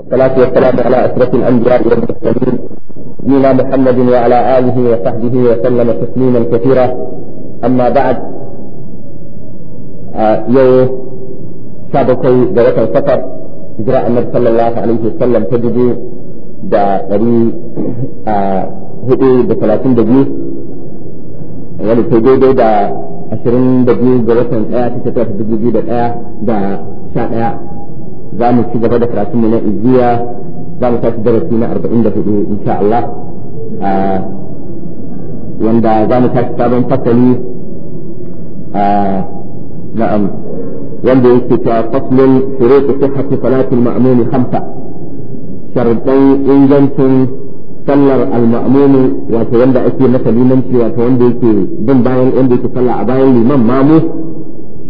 والصلاة والسلام على أشرف الأنبياء والمرسلين نبينا محمد وعلى آله وصحبه وسلم تسليما كثيرا أما بعد آه يو شابكي دوة السفر إجراء النبي صلى الله عليه وسلم تجدي دا غري هدي بثلاثين دقيقة يعني تجدي دا عشرين دقيقة دوة الآية تشتغل في دقيقة دا شاء za mu ci gaba da karatun mu na izziya za mu tashi darasi na arba'in da hudu insha Allah ah, wanda za mu tashi sabon fasali ah, na'am wanda yake ta faslun shurutu sihhati salatul ma'mumi khamsa sharuɗan ingancin sallar al-ma'mumi wato wanda ake masa limanci wato wanda yake bin bayan wanda yake sallah a bayan liman mamu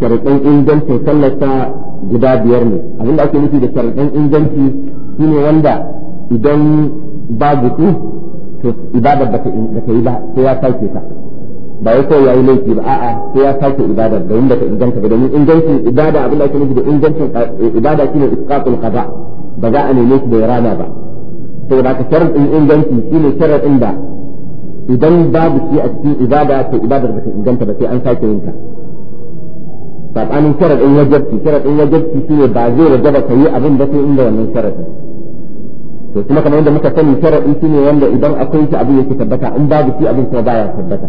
sharuɗan ingancin sallar ta. guda biyar ne abinda ake nufi da sharaɗin inganci shine wanda idan ba gutsu to ibadar ba ta yi ba sai ya sauke ta ba ya kawai yayi laifi ba a'a sai ya sauke ibadar da wanda ta inganta ba domin inganci ibada abinda ake nufi da ingancin ibada shine isqatul qada ba za a neme shi da rana ba saboda ka sharaɗin inganci shine sharaɗin da idan babu shi a cikin ibada to ibadar ba ta inganta ba sai an sake yin ta sabanin sharadin wajabci sharadin wajabci shine ba zai wajaba ka yi abin da sai inda wannan sharadin to kuma kamar yadda muka sani in shine wanda idan akwai shi abin yake tabbata in babu shi abin kuma baya tabbata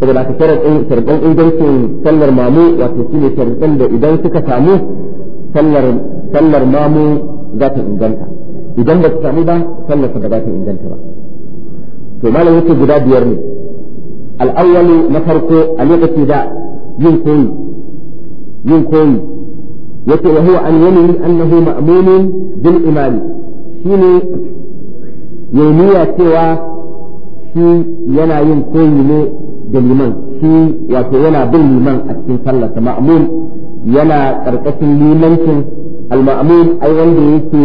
saboda ka sharadin sharadin ingancin sallar mamu wato shine sharadin da idan suka samu sallar sallar mamu za ta inganta idan ba su samu ba sallar ta ba ta inganta ba to malam yake guda biyar ne al-awwalu na farko a al-iqtida yin koyi yin koyi yace wa huwa an yamin annahu ma'mun bil iman shine yaniya cewa shi yana yin koyi ne da liman shi wato yana bin liman a cikin sallarsa ma'mun yana karkashin limancin al-ma'mun ai wanda yake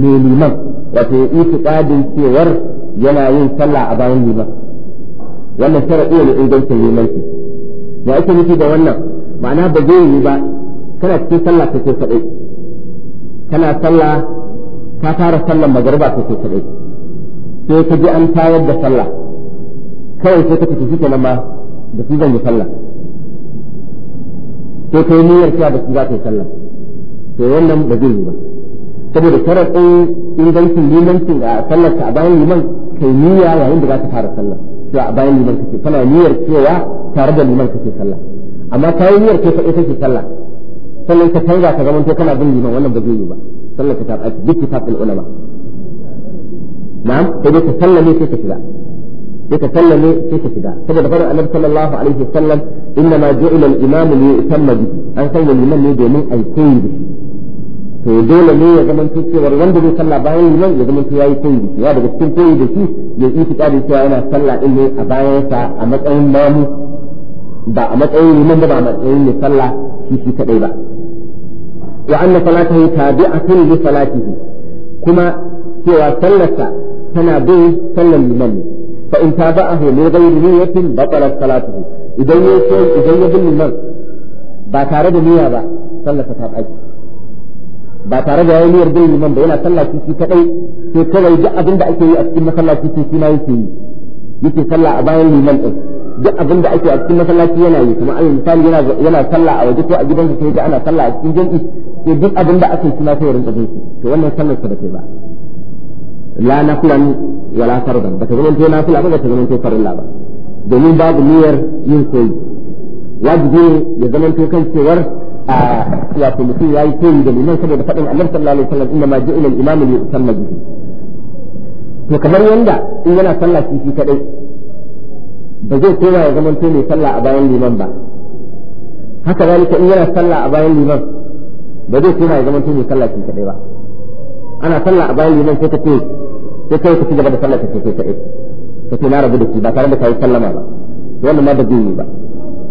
mai liman wato itiqadin cewar yana yin sallah a bayan liman wannan sharadi ne ingancin limanci ya ake nufi da wannan ma'ana ba zai yi ba kana cikin sallah ta ce kadai kana sallah ka fara sallar magariba ta ce kadai sai ka ji an tayar da sallah kawai sai ka tafi shi kenan ma da su zan yi sallah sai ka yi niyyar cewa da su za ka yi sallah to wannan ba zai yi ba saboda sharaɗin ingancin limancin a sallar ka a bayan liman kai niyya yayin da za ka fara sallah to a bayan liman kake kana niyyar cewa tare da liman kake sallah amma ta yi niyyar kai kaɗai take sallah sannan ka canza ka zamanto kana bin liman wannan ba zai yi ba sallar ka ta ɓaci duk kitabul ulama na'am sai dai ka sallame sai ka shiga sai ka sallame sai ka shiga saboda faɗin annabi sallallahu alaihi wasallam inna ma ju'ila al-imamu li yutamma bi an sanya liman ne domin ai koyi da to dole ne ya zama cewar wanda zai sallah bayan liman ya zama ya yi koyi da shi ya daga cikin koyi da shi ya yi da cewa yana sallah din ne a bayansa a matsayin mamu ba a matsayin liman ba ba a matsayin mai sallah shi shi kadai ba wa anna salatahu tabi'atun li salatihi kuma cewa sallarsa tana bin sallar liman ne fa in tabi'ahu min ghairi niyyatin batalat salatuhu idan ya ce idan ya bin liman ba tare da niyya ba sallarsa ta baki ba tare da yayin niyyar bin liman ba yana sallah shi shi kadai sai kawai duk abin da ake yi a cikin masallaci shi ma yake yi yake sallah a bayan liman din duk abin da ake a cikin masallaci yana yi kuma alal misali yana yana sallah a waje ko a gidansa sai ga ana sallah a cikin jami'i sai duk abin da aka yi kuma sai ya rinka shi to wannan sallar sa ba ta ba la nafilan wala fardan ba ta zama to nafila ba ba ta zama to farilla ba domin babu niyyar yin koyi wajibi ya zama to kan cewar a wato mutum yayi koyi da liman saboda faɗin annabi sallallahu alaihi wasallam inna ma ja'ila al-imamu li yusalla bihi to kamar yanda in yana sallah shi kadai ba zai koma ya zama mai sallah a bayan liman ba haka zalika in yana sallah a bayan liman ba zai koma ya zama mai sallah shi kadai ba ana sallah a bayan liman sai ka ce sai kai ka ci gaba da sallah ka ce kai kadai ka ce na rabu da shi ba tare da kai sallama ba wannan ma ba zai yi ba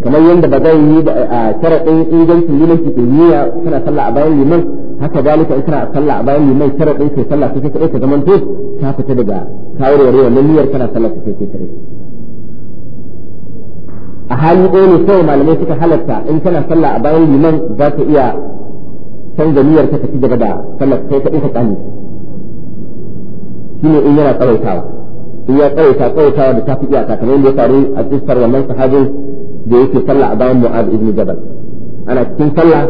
kamar yadda ba zai yi a sharaɗin ingancin limanci ilmiya kana sallah a bayan liman haka zalika in kana sallah a bayan liman sharaɗin kai sallah sai kai kadai ka zama to ka fita daga kawarware na niyyar kana sallah sai kai kadai a hali ɗaya ne kawai malamai suka halatta in kana sallah a bayan liman za ka iya canza niyyar ka tafi gaba da sallar kai ka ɗauka tsani shine in yana tsawaitawa in ya tsawaita tsawaitawa da tafi iyaka kamar yadda ya faru a tsistar wannan sahabin da yake sallah a bayan mu'ad ibn jabal ana cikin sallah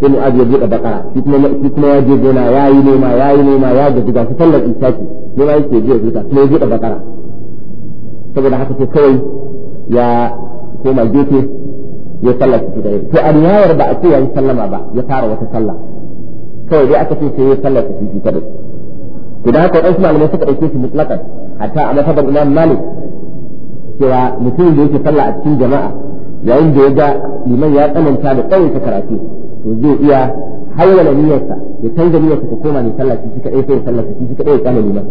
sai mu'ad ya buɗe baƙara shi kuma shi kuma ya je gona ya yi nema ya yi nema ya gaji ga sallar isaki nema yake je ya huta kuma ya buɗe baƙara saboda haka sai kawai ya koma gefe ya sallar su da to a riwayar ba a ce yayi sallama ba ya fara wata sallah kawai dai aka ce sai ya sallar su shi kadai to da haka wasu malamai suka dauke shi mutlakan hatta a matabar Imam Malik cewa mutum da yake sallah a cikin jama'a yayin da ya ga liman ya tsananta da ta karatu to zai iya hawwala niyyarsa ya canza niyyarsa ta koma ne sallah shi kadai sai ya sallar shi kadai ya kama liman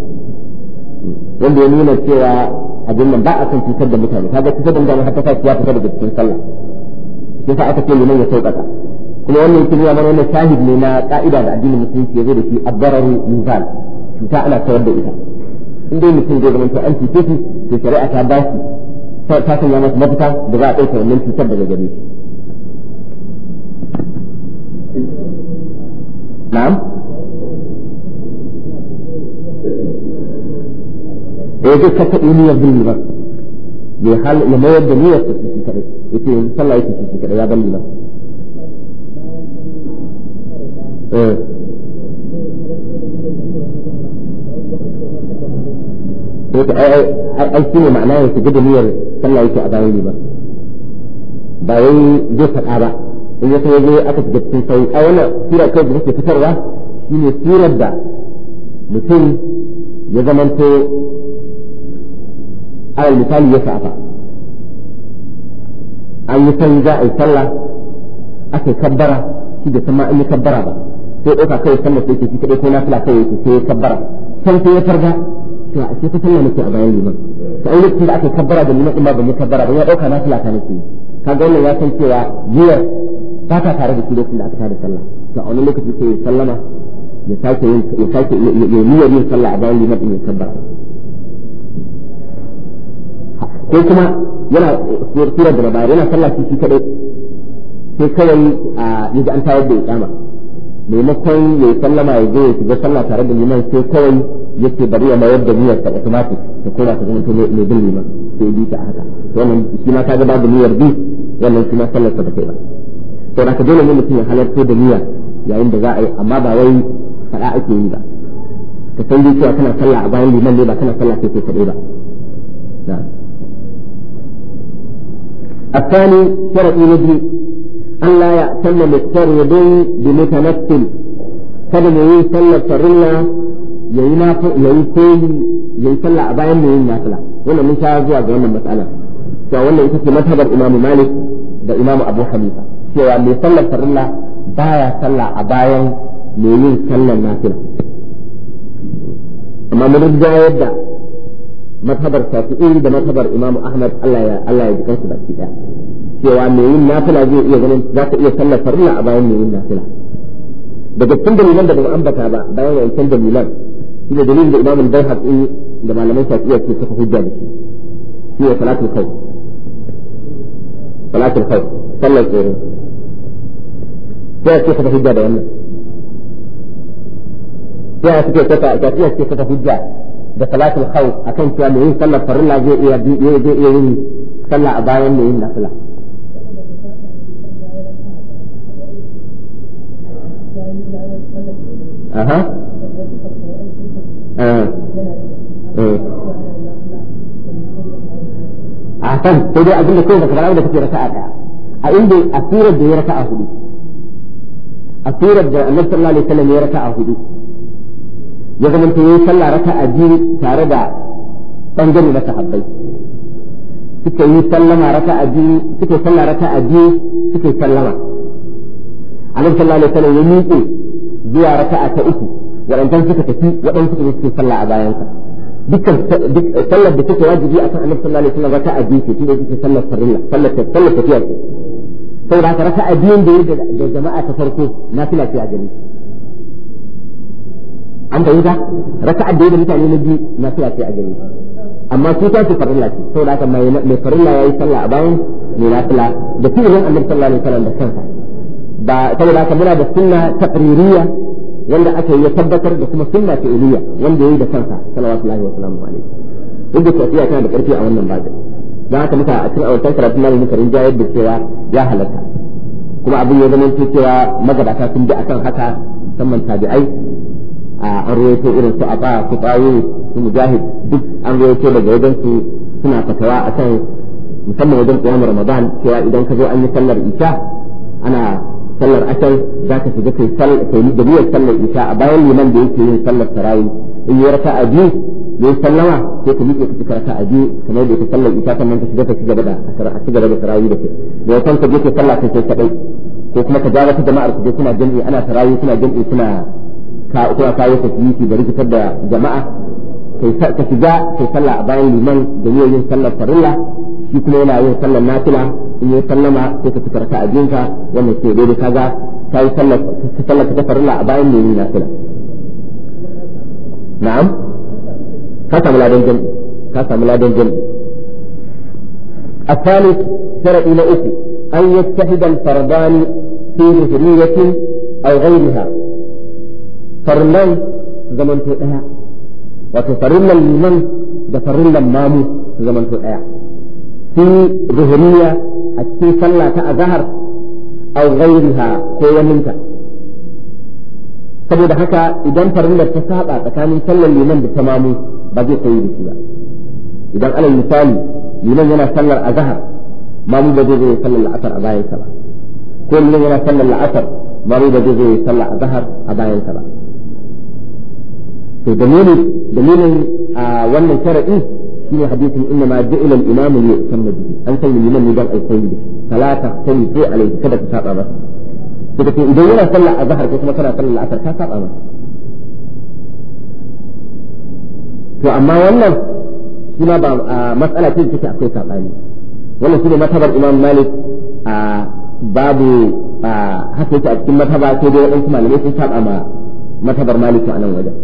wanda ya nuna cewa abin nan ba a son cutar da mutane kaga cutar da mutane har ta sa ya fita daga cikin sallah yasa aka ce liman ya sauƙaƙa kuma wannan yake nuna mana wannan shahid ne na ka'ida da addinin musulunci ya zo da shi addararu yuzal cuta ana tawar da ita in dai mutum zai zama an cuce shi to shari'a ta ba shi ta sanya masa mafita da za a ɗauka wannan cutar daga gare shi na'am eh zai kakkaɓe niyyar bin liman ya hal ya mayar da niyyar shi kadai yace yanzu sallah yake shi kadai ya bar liman eh yake ai ai shine ma'ana ya shiga niyyar sallah yake a bayan liman ba ba in ya sai da take fitarwa shine surar da mutum ya zamanto alal misali ya sa'afa an yi san za a yi sallah aka yi kabbara shi da sama an yi kabbara ba sai ɗauka kai sallar sai ke shi kaɗai ko nafila kawai yake sai ya kabbara san sai ya farga to a ce ta sallah nake a bayan liman to an lokacin da aka kabbara da liman ɗin ba ban yi kabbara ba ya ɗauka nafila ta nake kaga wannan ya san cewa jiyar ba ta tare da shi lokacin da aka tare sallah to a wani lokaci sai ya sallama ya sake yin ya sake ya niyyar yin sallah a bayan liman ɗin ya kabbara ko kuma yana sura da bayar yana sallah shi shi kadai sai kawai a yaji an tawar da ikama maimakon ya yi sallama ya je ya shiga sallah tare da liman sai kawai yake bari ya mayar da niyyar ta automatic ta koma ta zama mai bin liman sai bi ta haka wannan shi ma kaga babu niyyar bi wannan shi ma sallar ta kai ba to da ka dole ne mutum ya halarta da niyya yayin da za a yi amma ba wai fada ake yi ba ka san dai cewa kana sallah a bayan liman ne ba kana sallah kai kai kaɗai ba الثاني شرط نبي أن لا يأتم مضطرد ya yi ya yi koyi ya bayan mu zuwa ga wannan matsala to ita ce mazhabar Imam Malik da Imam Abu Hanifa cewa mai sallar farilla baya sallah a bayan mai yin sallar mazhabar shafi'i da mazhabar imamu ahmad Allah ya Allah ya ji kansu baki daya cewa mai yin nafila zai iya ganin za ka iya sallar farilla a bayan mai yin nafila daga cikin dalilan da ba ambata ba bayan wancan dalilan shi da dalilin da imamu bayhaqi da malaman shafi'i ke kafa hujja da shi shi ne salatul khawf salatul khawf sallar tsoro sai ake kafa hujja da wannan sai ake kafa shafi'i ake kafa hujja بصلاة الخوف أكن في أمين صلى فر الله جي إيه دي إيه دي إيه دي صلى أبايا مين نفلا أها أه أه أن تودي أقول لك كيف تقرأ لك في ركعة أين دي أثير الدنيا ركعة هدو أثير النبي صلى الله عليه وسلم يركع هدو ya zama ta yi sallah a biyu tare da bangare na sahabbai suka yi sallama raka a biyu suka sallah a biyu suka sallama annabi sallallahu alaihi wasallam ya miƙe zuwa raka'a ta uku waɗancan suka tafi waɗansu suka suke sallah a bayan bayansa dukkan sallar da take wajibi akan annabi sallallahu alaihi wasallam a biyu ce tunda suke sallar farilla sallar sallar tafiya ce saboda haka raka'a biyun da da jama'a ta farko na fila ce a gare shi an fahimta raka'ar da ya mutane na biyu na fiya ce a gare amma su ta ce farilla ce saboda haka mai mai farilla yayi sallah a bayan mai nafila da fi'ilin annabi sallallahu alaihi wasallam da kansa ba saboda haka muna da sunna taqririyya wanda aka yi tabbatar da kuma sunna fi'iliyya wanda yayi da kansa sallallahu alaihi wasallam inda tafiya tana da karfi a wannan bazin don haka muka a cikin awantar karatun namu muka rinja da cewa ya halatta kuma abin ya zama cewa magabata sun bi akan haka musamman tabi'ai an rawaito irin su a ba su kawo su mujahid duk an rawaito daga wajen su suna fatawa kan musamman wajen qiyamar ramadan cewa idan ka zo an yi sallar isha ana sallar asar za ka shiga kai da biyar sallar isha a bayan liman da yake yin sallar sarayi in yi raka'a biyu ya yi sallama sai ka miƙe ka cika raka'a biyu kamar da yake sallar isha sannan ka shiga ka cigaba da a cigaba da sarayi da ke da ya san ka je ka sallah kai kai kaɗai ko kuma ka ja wata jama'ar ku je kuna jami'i ana sarayi suna jam'i suna ka kuma kawo tasbihi bari rikitar da jama'a kai ka shiga kai sallah a bayan liman da yin sallar farilla shi kuma yana yin sallar nafila in ya sallama sai ka fitar ka abinka wannan ke daidai kaga ka yi sallar ta farilla a bayan liman nafila na'am ka samu ladan jami'i ka samu ladan jami'i الثالث شرعي لأخي أن يجتهد الفردان في مهرية أو غيرها فرناي زمن تو ايا وتفرن المن ده فرن المامو زمن تو ايا في ظهرية أكي صلى تأظهر أو غيرها كي منك سبب حكا إذن فرن التسابة تكامل صلى المن بتمامو بجي قيد سبا إذن على المثال لمن ينا صلى الأظهر مامو بجي صلى العطر أبايا سبا كل من ينا صلى العطر مامو بجي صلى الأظهر أبايا سبا to dalilin dalilin a wannan sharadi ne hadisin inna ma ja'ila al-imam li bihi an sai liman ne dan alkhairi kala ta tani ko alai kada ka saba masa to ce idan yana sallah azhar ko kuma kana sallah asar ka saba masa to amma wannan shi ma ba matsala ce take akwai sabani wannan ne matabar imam malik a babu haka yake a cikin mataba sai dai wadansu malamai sun saba ma matabar malik a nan wajen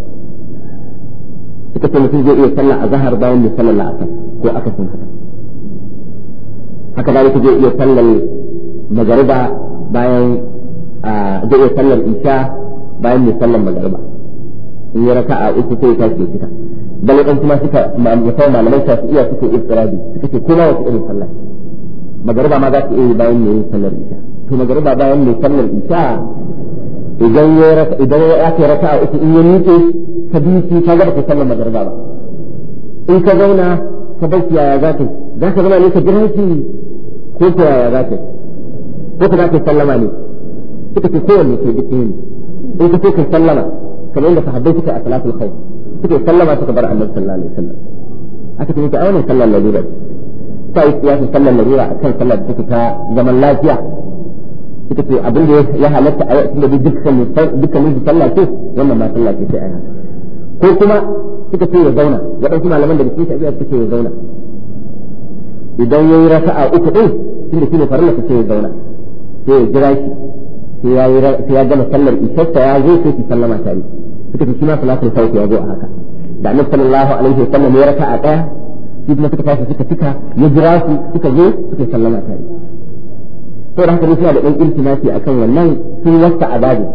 suka ce mutum zai iya sallah a zahar bayan mai sallar la'asar ko aka sun haka haka zalika zai iya sallar magariba bayan zai iya sallar isha bayan mai sallar magariba in yi raka'a uku sai ya tashi fita bal ɗan kuma suka musamman malamai ta su iya suka istirabi suka ce kuma wasu irin sallah magariba ma za su iya bayan mai sallar isha to magariba bayan mai sallar isha idan ya raka idan ya raka'a uku in ya miƙe ka bi su ka ga ka sallar magariba ba in ka zauna ka bar yaya za ka za ka zauna ne ka jira shi ko ka yaya za ka ko ka za ka sallama ne suka ce kowanne ke duk ne in ka ce ka sallama kamar yadda sahabbai suka a salatul khawf suka sallama suka bar annabi sallallahu alaihi wasallam aka ce ta auna sallar lalura ta yi siyasa sallar a kan sallar da take ta zaman lafiya ita ce abin da ya halatta a yau tunda dukkan dukkan sallah ce wannan ma sallah ce sai yi haka ko kuma suka ce ya zauna waɗansu malaman da cikin shafi'a suka ce ya zauna idan ya yayi a uku din tunda shine farilla suka ce ya zauna sai ya jira shi sai ya gama sallar isasta ya zo sai su sallama ta yi suka ce suna ma salatul fawt ya zo a haka da annabi sallallahu alaihi sallam ya raka'a ɗaya shi kuma suka tashi suka fita ya jira su suka zo suka sallama ta yi to da haka ne suna da ɗan iltimasi akan wannan sun wasta a babu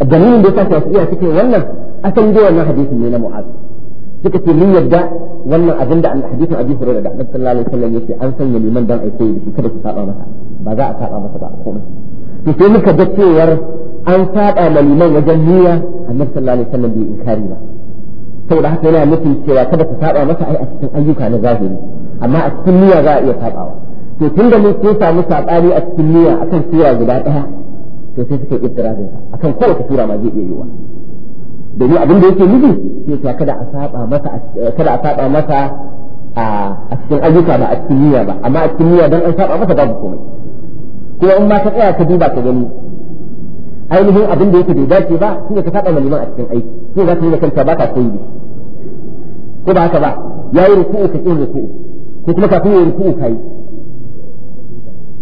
dalilin da ya sa iya cikin wannan asan dai wannan hadisin ne na mu'az suka ce mun yadda wannan abin da hadisin abi hurairah da annabi sallallahu alaihi wasallam an sanya liman dan aiko yi kada ku saba masa ba za a saba masa ba komai to sai muka ga cewar an saba ma liman wajen niyya annabi sallallahu alaihi wasallam bai inkari ba saboda haka yana nufin cewa kada ku saba masa ai a cikin ayyuka na zahiri amma a cikin niyya za a iya sabawa to tun da mun sun samu sabani a cikin niyya akan sura guda daya to sai suka yi iftirazin akan kowace sura ma zai iya yiwa domin abin da yake nufi sai ta kada a saba masa kada a saba masa a cikin ayyuka ba a cikin niyya ba amma a cikin niyya dan an saba masa babu komai ko in ma ka tsaya ka duba ka gani ainihin abin da yake bai dace ba shine ka saba maliman a cikin aiki sai za ka yi da kanka ba ka koyi ko ba haka ba yayi ruku'u ka kin ruku'u ko kuma kafin yi ruku'u kai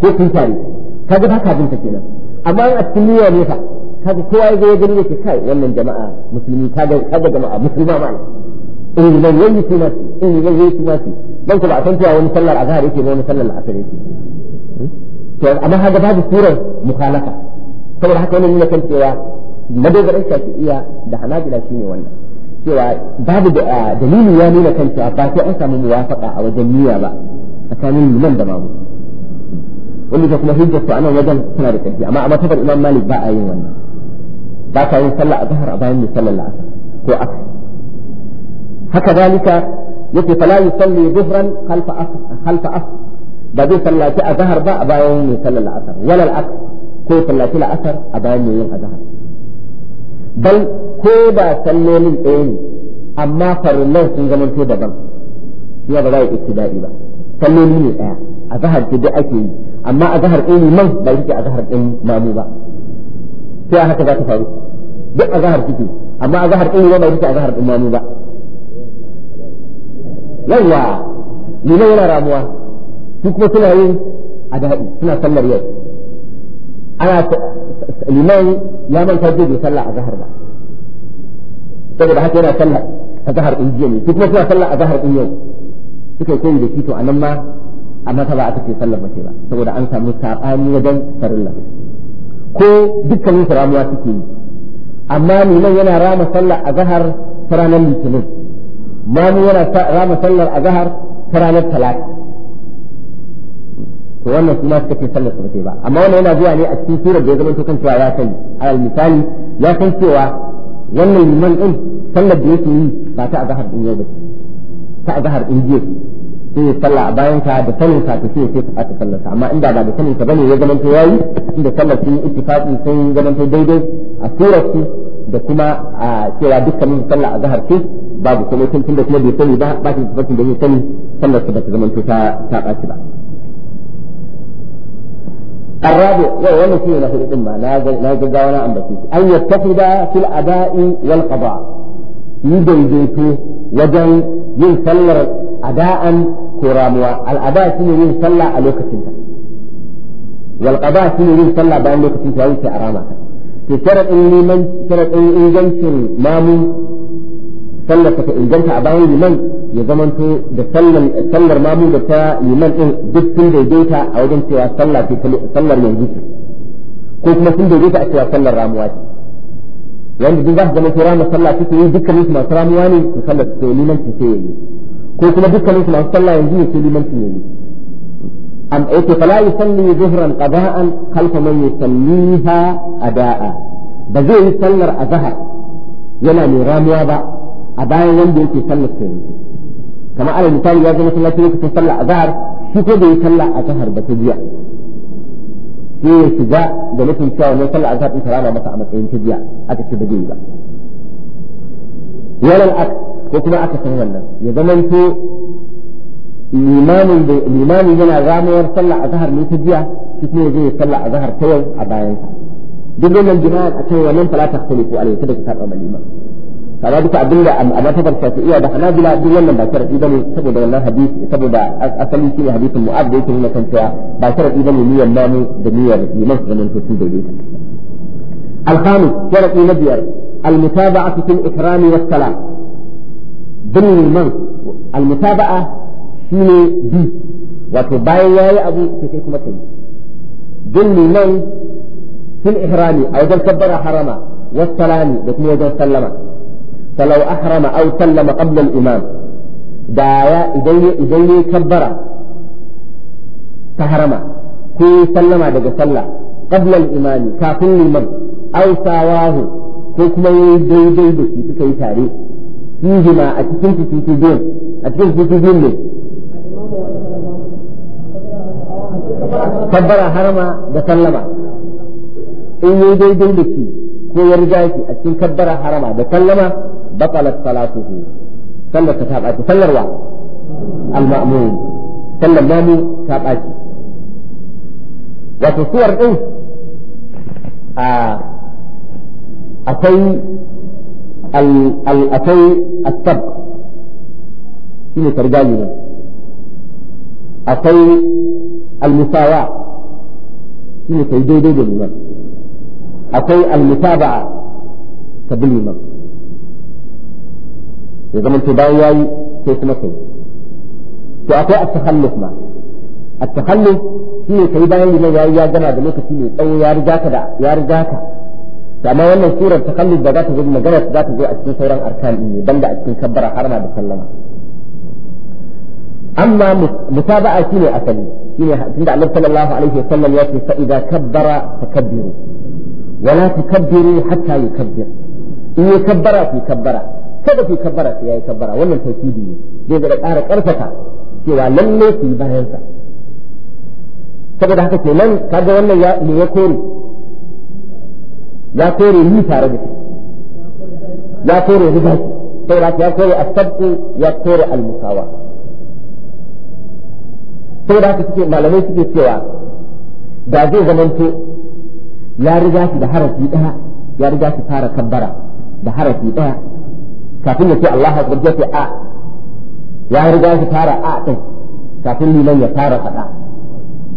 ko kun tare kaga ba ka bin ta kenan amma a cikin niyya ne fa kaga kowa ya zo ya gani yake kai wannan jama'a musulmi kaga kaga jama'a musulma ma in zan yayi su masu in zan yayi su masu dan ku ba san cewa wani sallar azhar yake wani sallar asar yake to amma haka babu surar mukhalafa saboda haka wannan yana kan cewa madogaran shafi'iyya da hanabila shine wannan cewa babu da dalili ya nuna kan cewa ba sai an samu muwafaqa a wajen niyya ba tsakanin liman da mamu wanda kuma hujjar su a nan wajen suna da ƙarfi amma a matafar imam malik ba a yin wannan ba ta yin sallah azhar a bayan mai sallar la'asar ko aka haka zalika yake fala yusalli dhuhran khalfa asr khalfa asr ba zai sallaci azhar ba a bayan mai sallar la'asar wala al'asr ko sallaci la'asar a bayan mai yin azhar bal ko ba sallolin ɗaya ne amma farillan sun zamanto daban ya ba za a yi ibtida'i ba sallolin ne ɗaya azhar ce duk ake yi amma azhar ne man ba yake azhar ɗin mamu ba sai haka za ta faru duk a zahar kike amma a zahar ɗin yana yake a zahar ɗin mamu ba yawa nuna yana ramuwa su kuma suna yin a daɗi suna sallar yau ana liman ya manta zai bai sallah a zahar ba saboda haka yana sallah a zahar ɗin jiya ne su kuma suna sallah a zahar ɗin yau suka koyi da shi to a nan ma amma ta ba a take sallar mace ba saboda an samu saɓani wajen farilla ko dukkanin su ramuwa suke yi amma liman yana rama sallar azhar ta ranar litinin mamu yana rama sallar azhar ta ranar talata to wannan su ma suka ce sallar su ba amma wannan yana zuwa ne a cikin surar da ya zama kan cewa ya sani alal misali ya san cewa wannan liman din sallar da yake yi ba ta a azhar din yau ba ta a azhar din jiya sai ya sallah a bayan ka da sanin ka sai sai ka ta sallar amma inda ba da sanin ka bane ya zama to yayi inda sallar sun yi ittifaqi sun zama to daidai a surar da kuma a cewa dukkanin sallah a zahar ce babu kuma tun da kuma bai sani ba ba shi tabbacin da ya sani sallar ta ba ta zama to ta ta baci ba الرابع وانا في له الامه لا لا جزا ولا ان ان يتفد في الاداء والقضاء يدي بيته وجن ينسلر اداء ko ramuwa al'ada shi ne yin sallah a lokacin ta wal qada shi ne yin sallah bayan lokacin ta wuce a rama ta to sharadin liman sharadin ingancin mamu sallar ta inganta a bayan liman ya zamanto da sallar mamu da ta liman din duk sun daidaita a wajen cewa sallah ce sallar yanzu ko kuma sun daidaita a cewa sallar ramuwa ce wanda duk za su zama to ramar sallah take yi dukkan su masu ramuwa ne su sallar su liman su sai yi ko kuma dukkanin su masu sallah yanzu ya ce limanci ne am aiki fala yusalli zuhran qada'an khalfa man yusalliha ada'a ba zai yi sallar azhar yana mai ramuwa ba a bayan wanda yake sallar sai yanzu kamar alal misali ya zama sallar lokacin sallar azhar shi ko bai sallar azhar ba ta jiya sai ya shiga da nufin cewa wannan sallar azhar din karama masa a matsayin ta jiya aka ce ba zai yi ba walal aks ko kuma aka san wannan ya zama limamin limamin yana ramuwar sallah a zahar ne ta jiya shi kuma ya je ya sallah a zahar ta yau a bayan duk wannan jima'an a kan wannan fala ko alayhi kada ka saba liman kaza duka abinda a farka ta iya da hanabila duk wannan ba sharadi bane saboda wannan hadisi saboda asali shi ne hadisin mu'ad da yake nuna kan cewa ba sharadi bane niyyar namu da niyyar liman su zaman to su daidai الخامس شرط نبيل المتابعة في الإكرام والسلام المنص المتابعة شيني بي وتباين ياي أبو تكيكم ضمن من في الإحرام أو جل كبر حرما والسلام بكم وجل سلم فلو أحرم أو سلم قبل الإمام دايا إذيني إذيني كبر كهرما كي سلم دقى سلم قبل الإمام كافل المنص أو كي كما يدي دي بكي تكي تاريخ fihima a cikin su a cikin titi biyun ne tabbara harama da sallama in yi daidai da ko ya riga shi a cikin kabbara harama da sallama batalat salatuhu sallar ta taɓa ta sallarwa al-ma'mum sallar ta wato suwar ɗin akwai akwai asab shi ne targani ne akwai almusawa shi ne kai daidai da liman akwai almutaba'a ka bi liman ya zama to bayan yayi sai kuma kai to akwai at-takhalluf ma at-takhalluf shi ne kai bayan liman yayi ya gana da lokaci mai tsawo ya riga ka da ya riga ka amma wannan surar takallud da za ta zo magana za ta zo a cikin sauran arkan ne banda a cikin kabbara harma da sallama amma mutaba'a shine asali shine tunda Allah sallallahu alaihi wa sallam ya ce fa idza kabbara fakabbiru wa la tukabbiru hatta yukabbir in ya kabbara ku kabbara kada ku kabbara sai yayi kabbara wannan tauhidi ne zai ga ƙara ƙarfafa cewa lalle su yi bayan sa saboda haka kenan kaga wannan ya ne ya kore ya kore ni tare da shi ya kore riba saboda ya kore asabu ya kore almusawa da haka suke malamai suke cewa da zai zamanto ya riga shi da harafi daya ya riga shi fara kabbara da harafi daya kafin ya ce Allah ya ya ce a ya riga shi fara a din kafin liman ya fara fada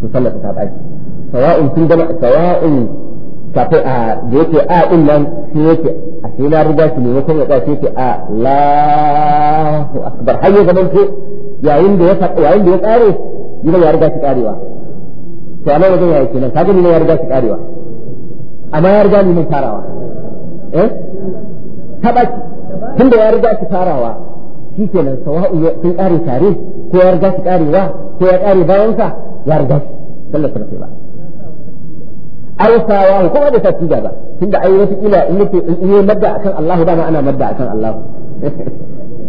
to sallata ta baki sawa'un sun gama sawa'un kafin a da yake a din nan shi yake a sai na riga shi maimakon ya sai yake a Allahu akbar har zaman ko yayin da ya yayin da ya tsare yana ya riga shi karewa to a nan wajen ya yake nan kaga ne ya riga shi karewa amma ya riga neman mun farawa eh tun da ya riga shi farawa shikenan sawa'u sun kare tare ko ya riga shi karewa ko ya kare bayansa ya riga shi sallar sarfe ba ausawa ko da tasdiga ba tunda ai wata kila in yake in yi madda akan Allah ba ma ana madda akan Allah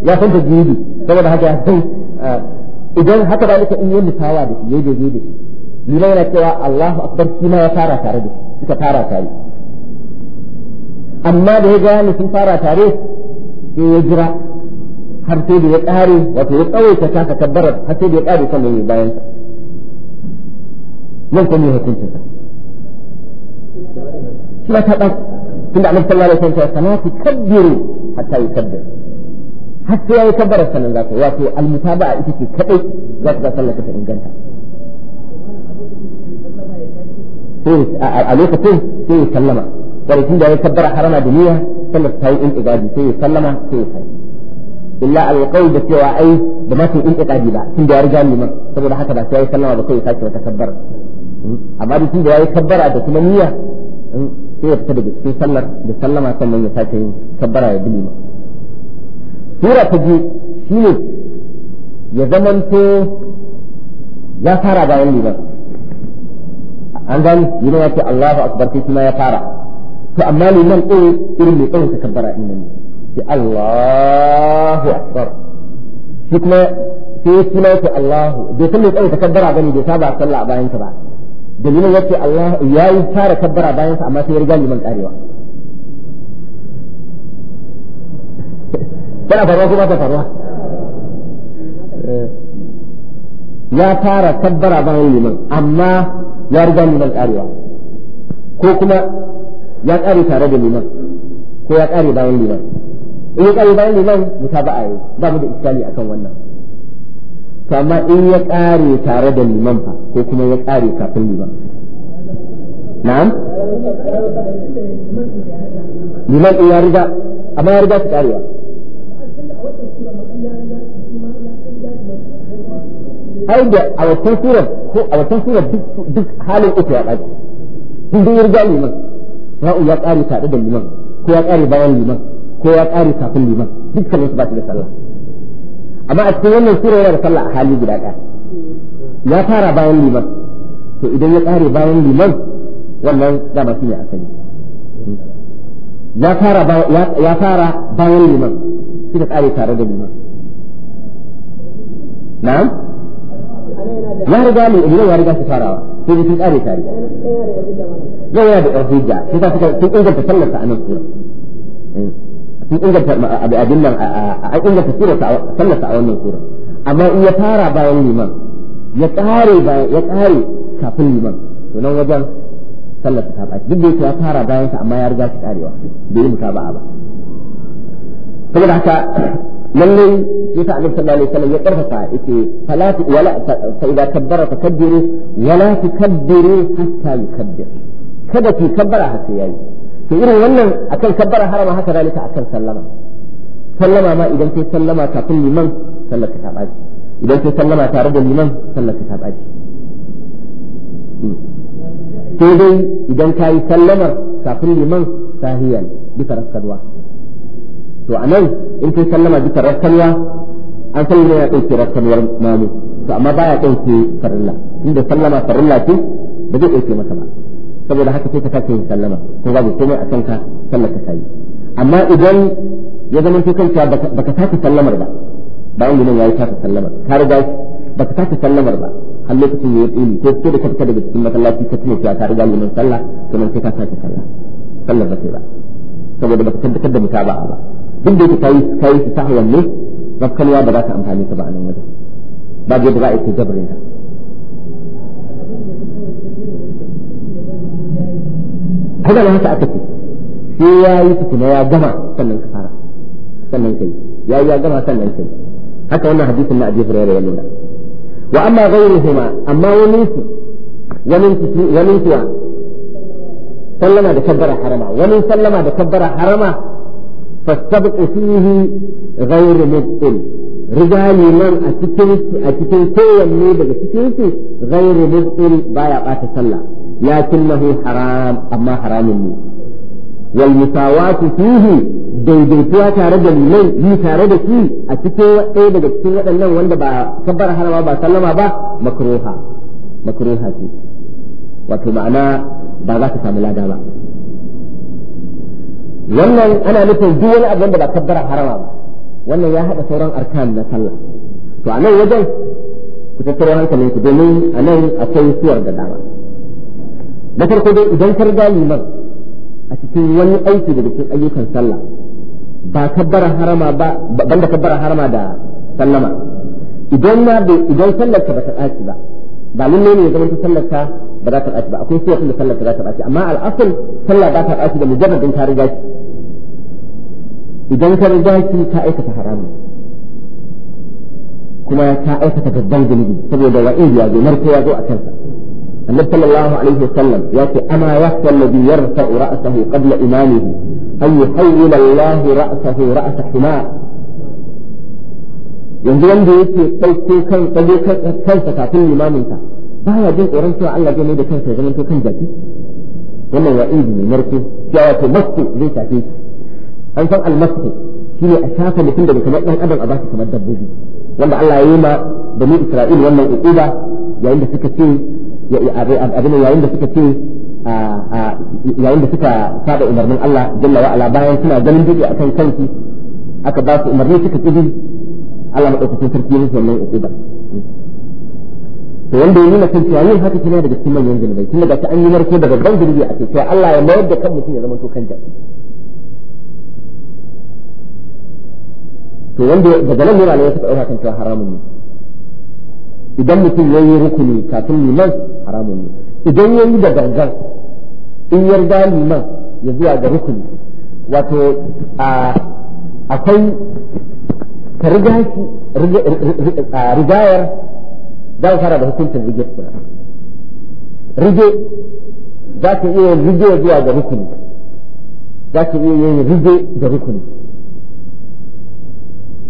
ya san tajwidi saboda haka ya san ah, idan haka ba nika in yi misawa da shi yayi daidai da shi lila yana cewa Allahu akbar shi ma ya fara tare da shi suka fara tare amma da ya gane sun fara tare sai ya jira har sai da ya kare wato ya tsawaita ta takabbarar har sai da ya kare sannan ya bayan sa yanka ne hukuncinsa ما تبقى عند النبي صلى الله عليه وسلم فلا حتى يكبر حتى يكبر السنة ذاته واتو المتابعة إتكي كبي ذات ذات الله كفي إنجانها a lokacin sai ya sallama wani da ya kabbara harama da niyya sallar ta yi intiqadi sai ya sallama sai ya sai illa alqaul da cewa ai da ma sai intiqadi ba tun da ya riga liman saboda haka ba sai ya sallama ba sai ya sake wata kabbara amma tun da ya yi kabbara da kuma niyya sai ya fita daga cikin sallar da sallama sannan ya sake yin kabbara ya bilima sura ta shi ne ya zamanto ya fara bayan liman an gani liman ya ce Allahu akbar sai kuma ya fara to amma liman ɗin irin mai ɗauka kabbara ɗin nan ne Allahu akbar shi kuma sai ya ce Allahu bai san mai ɗauka kabbara bane bai saba sallah a bayan ka ba dalilin liman Allah ya yi tara kabbara bayan sa amma sai ya riga liman karewa kana faruwa ko ba ta faruwa eh, ya tara kabbara bayan liman amma ya riga liman karewa ko kuma ya kare tare da liman ko ya kare bayan liman in ya kare bayan liman mutaba'a ba mu da iskali akan wannan kama in ya ƙare tare da liman fa ko kuma ya ƙare kafin liman na'am liman ya riga amma ya riga su ƙarewa ai da a wancan surar ko a wancan surar duk halin uku ya ƙare duk ya riga liman ra'u ya ƙare tare da liman ko ya ƙare bayan liman ko ya ƙare kafin liman dukkan su ba su da sallah amma a cikin wannan sura yana da sallah a hali guda ɗaya ya fara bayan liman to idan ya ƙare bayan liman wannan ba shi ne asali ya fara ya fara bayan liman shi da ƙare tare da liman na'am ya riga ne idan ya riga su farawa sai sun ƙare tare yau yana da ƙarfi ja sai ta suka sun inganta sallarsa a nan sura eh. sun inganta abin nan an inganta sura sallarsa a wannan sura amma in ya fara bayan liman ya kare ya kare kafin liman to nan wajen sallarsa ta ba duk da yake ya fara bayan sa amma ya riga shi karewa bai yi musaba'a ba saboda haka lallai ta annabi sallallahu alaihi wasallam ya karfafa yake fala wala fa idza kabbara fakabbiru wala tukabbiru hatta yukabbir kada ki kabbara har sai yayi to irin wannan akan kabbara harama haka a akan sallama sallama ma idan kai sallama kafin liman sallar ka ta idan kai sallama tare da liman sallar ka ta baci sai dai idan kai sallamar kafin liman sahiyan bisa raskarwa to a nan in kai sallama bisa raskarwa an sallama ya ɗauke raskarwar mamu to amma baya ɗauke farilla inda sallama farilla ce ba zai ɗauke masa ba saboda haka sai ka sake yin sallama ko babu komai a kanka sallar ka sai amma idan ya zama to kanka baka sake sallamar ba ba bayan ginin yayi sake sallamar ka riga baka sake sallamar ba har lokacin ya yi ko ko da ka daga cikin masallaci ka tuna cewa ka riga liman sallah to nan sai ka sake sallah sallar ba sai ba saboda baka tabbatar da mutaba'a ba duk da yake kai kai sahwan ne rakkanwa ba za ta amfani ka ba a nan wajen ba ga da za a jabrin ta kaga nan haka aka ce sai ya yi tukuna ya gama sannan ka fara sannan kai ya ya gama sannan kai haka wannan hadisin na ajiyar Hurairah ya wa amma ghayruhuma amma wani su wani su wani su sallama da kabbara harama wani sallama da kabbara harama fastabiqu fihi ghayru mubtil rijali man a cikin a cikin kowanne daga cikin su ghayru mubtil baya bata sallah lakinnahu haram amma haramun ne wal musawatu fihi daidaituwa tare da limai yi tare da shi a cikin ɗaya daga cikin waɗannan wanda ba kabbar harama ba sallama ba makruha makruha ce wato ma'ana ba za ka samu lada ba wannan ana nufin duk wani abin da ba kabbara harama ba wannan ya haɗa sauran arkan na sallah to a nan wajen ku tattaro hankalinku domin a nan akwai suwar da dama na farko dai idan ka riga liman a cikin wani aiki daga cikin ayyukan sallah ba kabbara harama ba banda kabbara harama da sallama idan na idan sallar ka ta ɗaci ba ba lalle ne ya zama ta sallar ka ba za ta ɗaci ba akwai sai da sallar ka za ta ɗaci amma al'asal sallah ba ta ɗaci da mujarradin ka riga shi idan ka riga shi ka aikata haramun kuma ka aikata babban zunubi saboda wa'idi ya zo narko ya zo a kansa النبي صلى الله عليه وسلم يأتي أما يخشى الذي يرفع رأسه قبل إمامه أن يحول الله رأسه رأس حمار yanzu wanda yake ɗauko kan ɗago kansa kafin limaminsa ba ya jin tsoron cewa Allah zai da kansa ya zamanto kan jaki wannan wa inji mai narko ya wato masku zai shafe shi an san almasku shi ne a shafa mutum da bai kamar ɗan adam a ba shi kamar dabbobi wanda Allah ya yi ma bani Isra'il wannan uquba yayin da suka ce abin yayin da suka ce yayin da suka saba umarnin Allah jalla wa ala bayan suna ganin a akan kansu aka ba su umarni suka ci Allah madaukakin sarki ne sannan uquba to wanda ya nuna kan cewa yin haka kina daga cikin manyan zunubai kuma ga ta an yi narko daga babban zunubi a ce cewa Allah ya mayar da kan mutum ya zama to kan jaki to wanda daga nan ne ne suka dauka kan cewa haramun ne idan mutum ya yi rukuni kafin liman haramun ne idan ya yi da gangan in yarda liman ya zuwa ga rukuni wato akwai ka riga shi rigayar za ka fara da hukuncin rige rige za ka iya yin rige zuwa ga rukuni za ka iya yin rige ga rukuni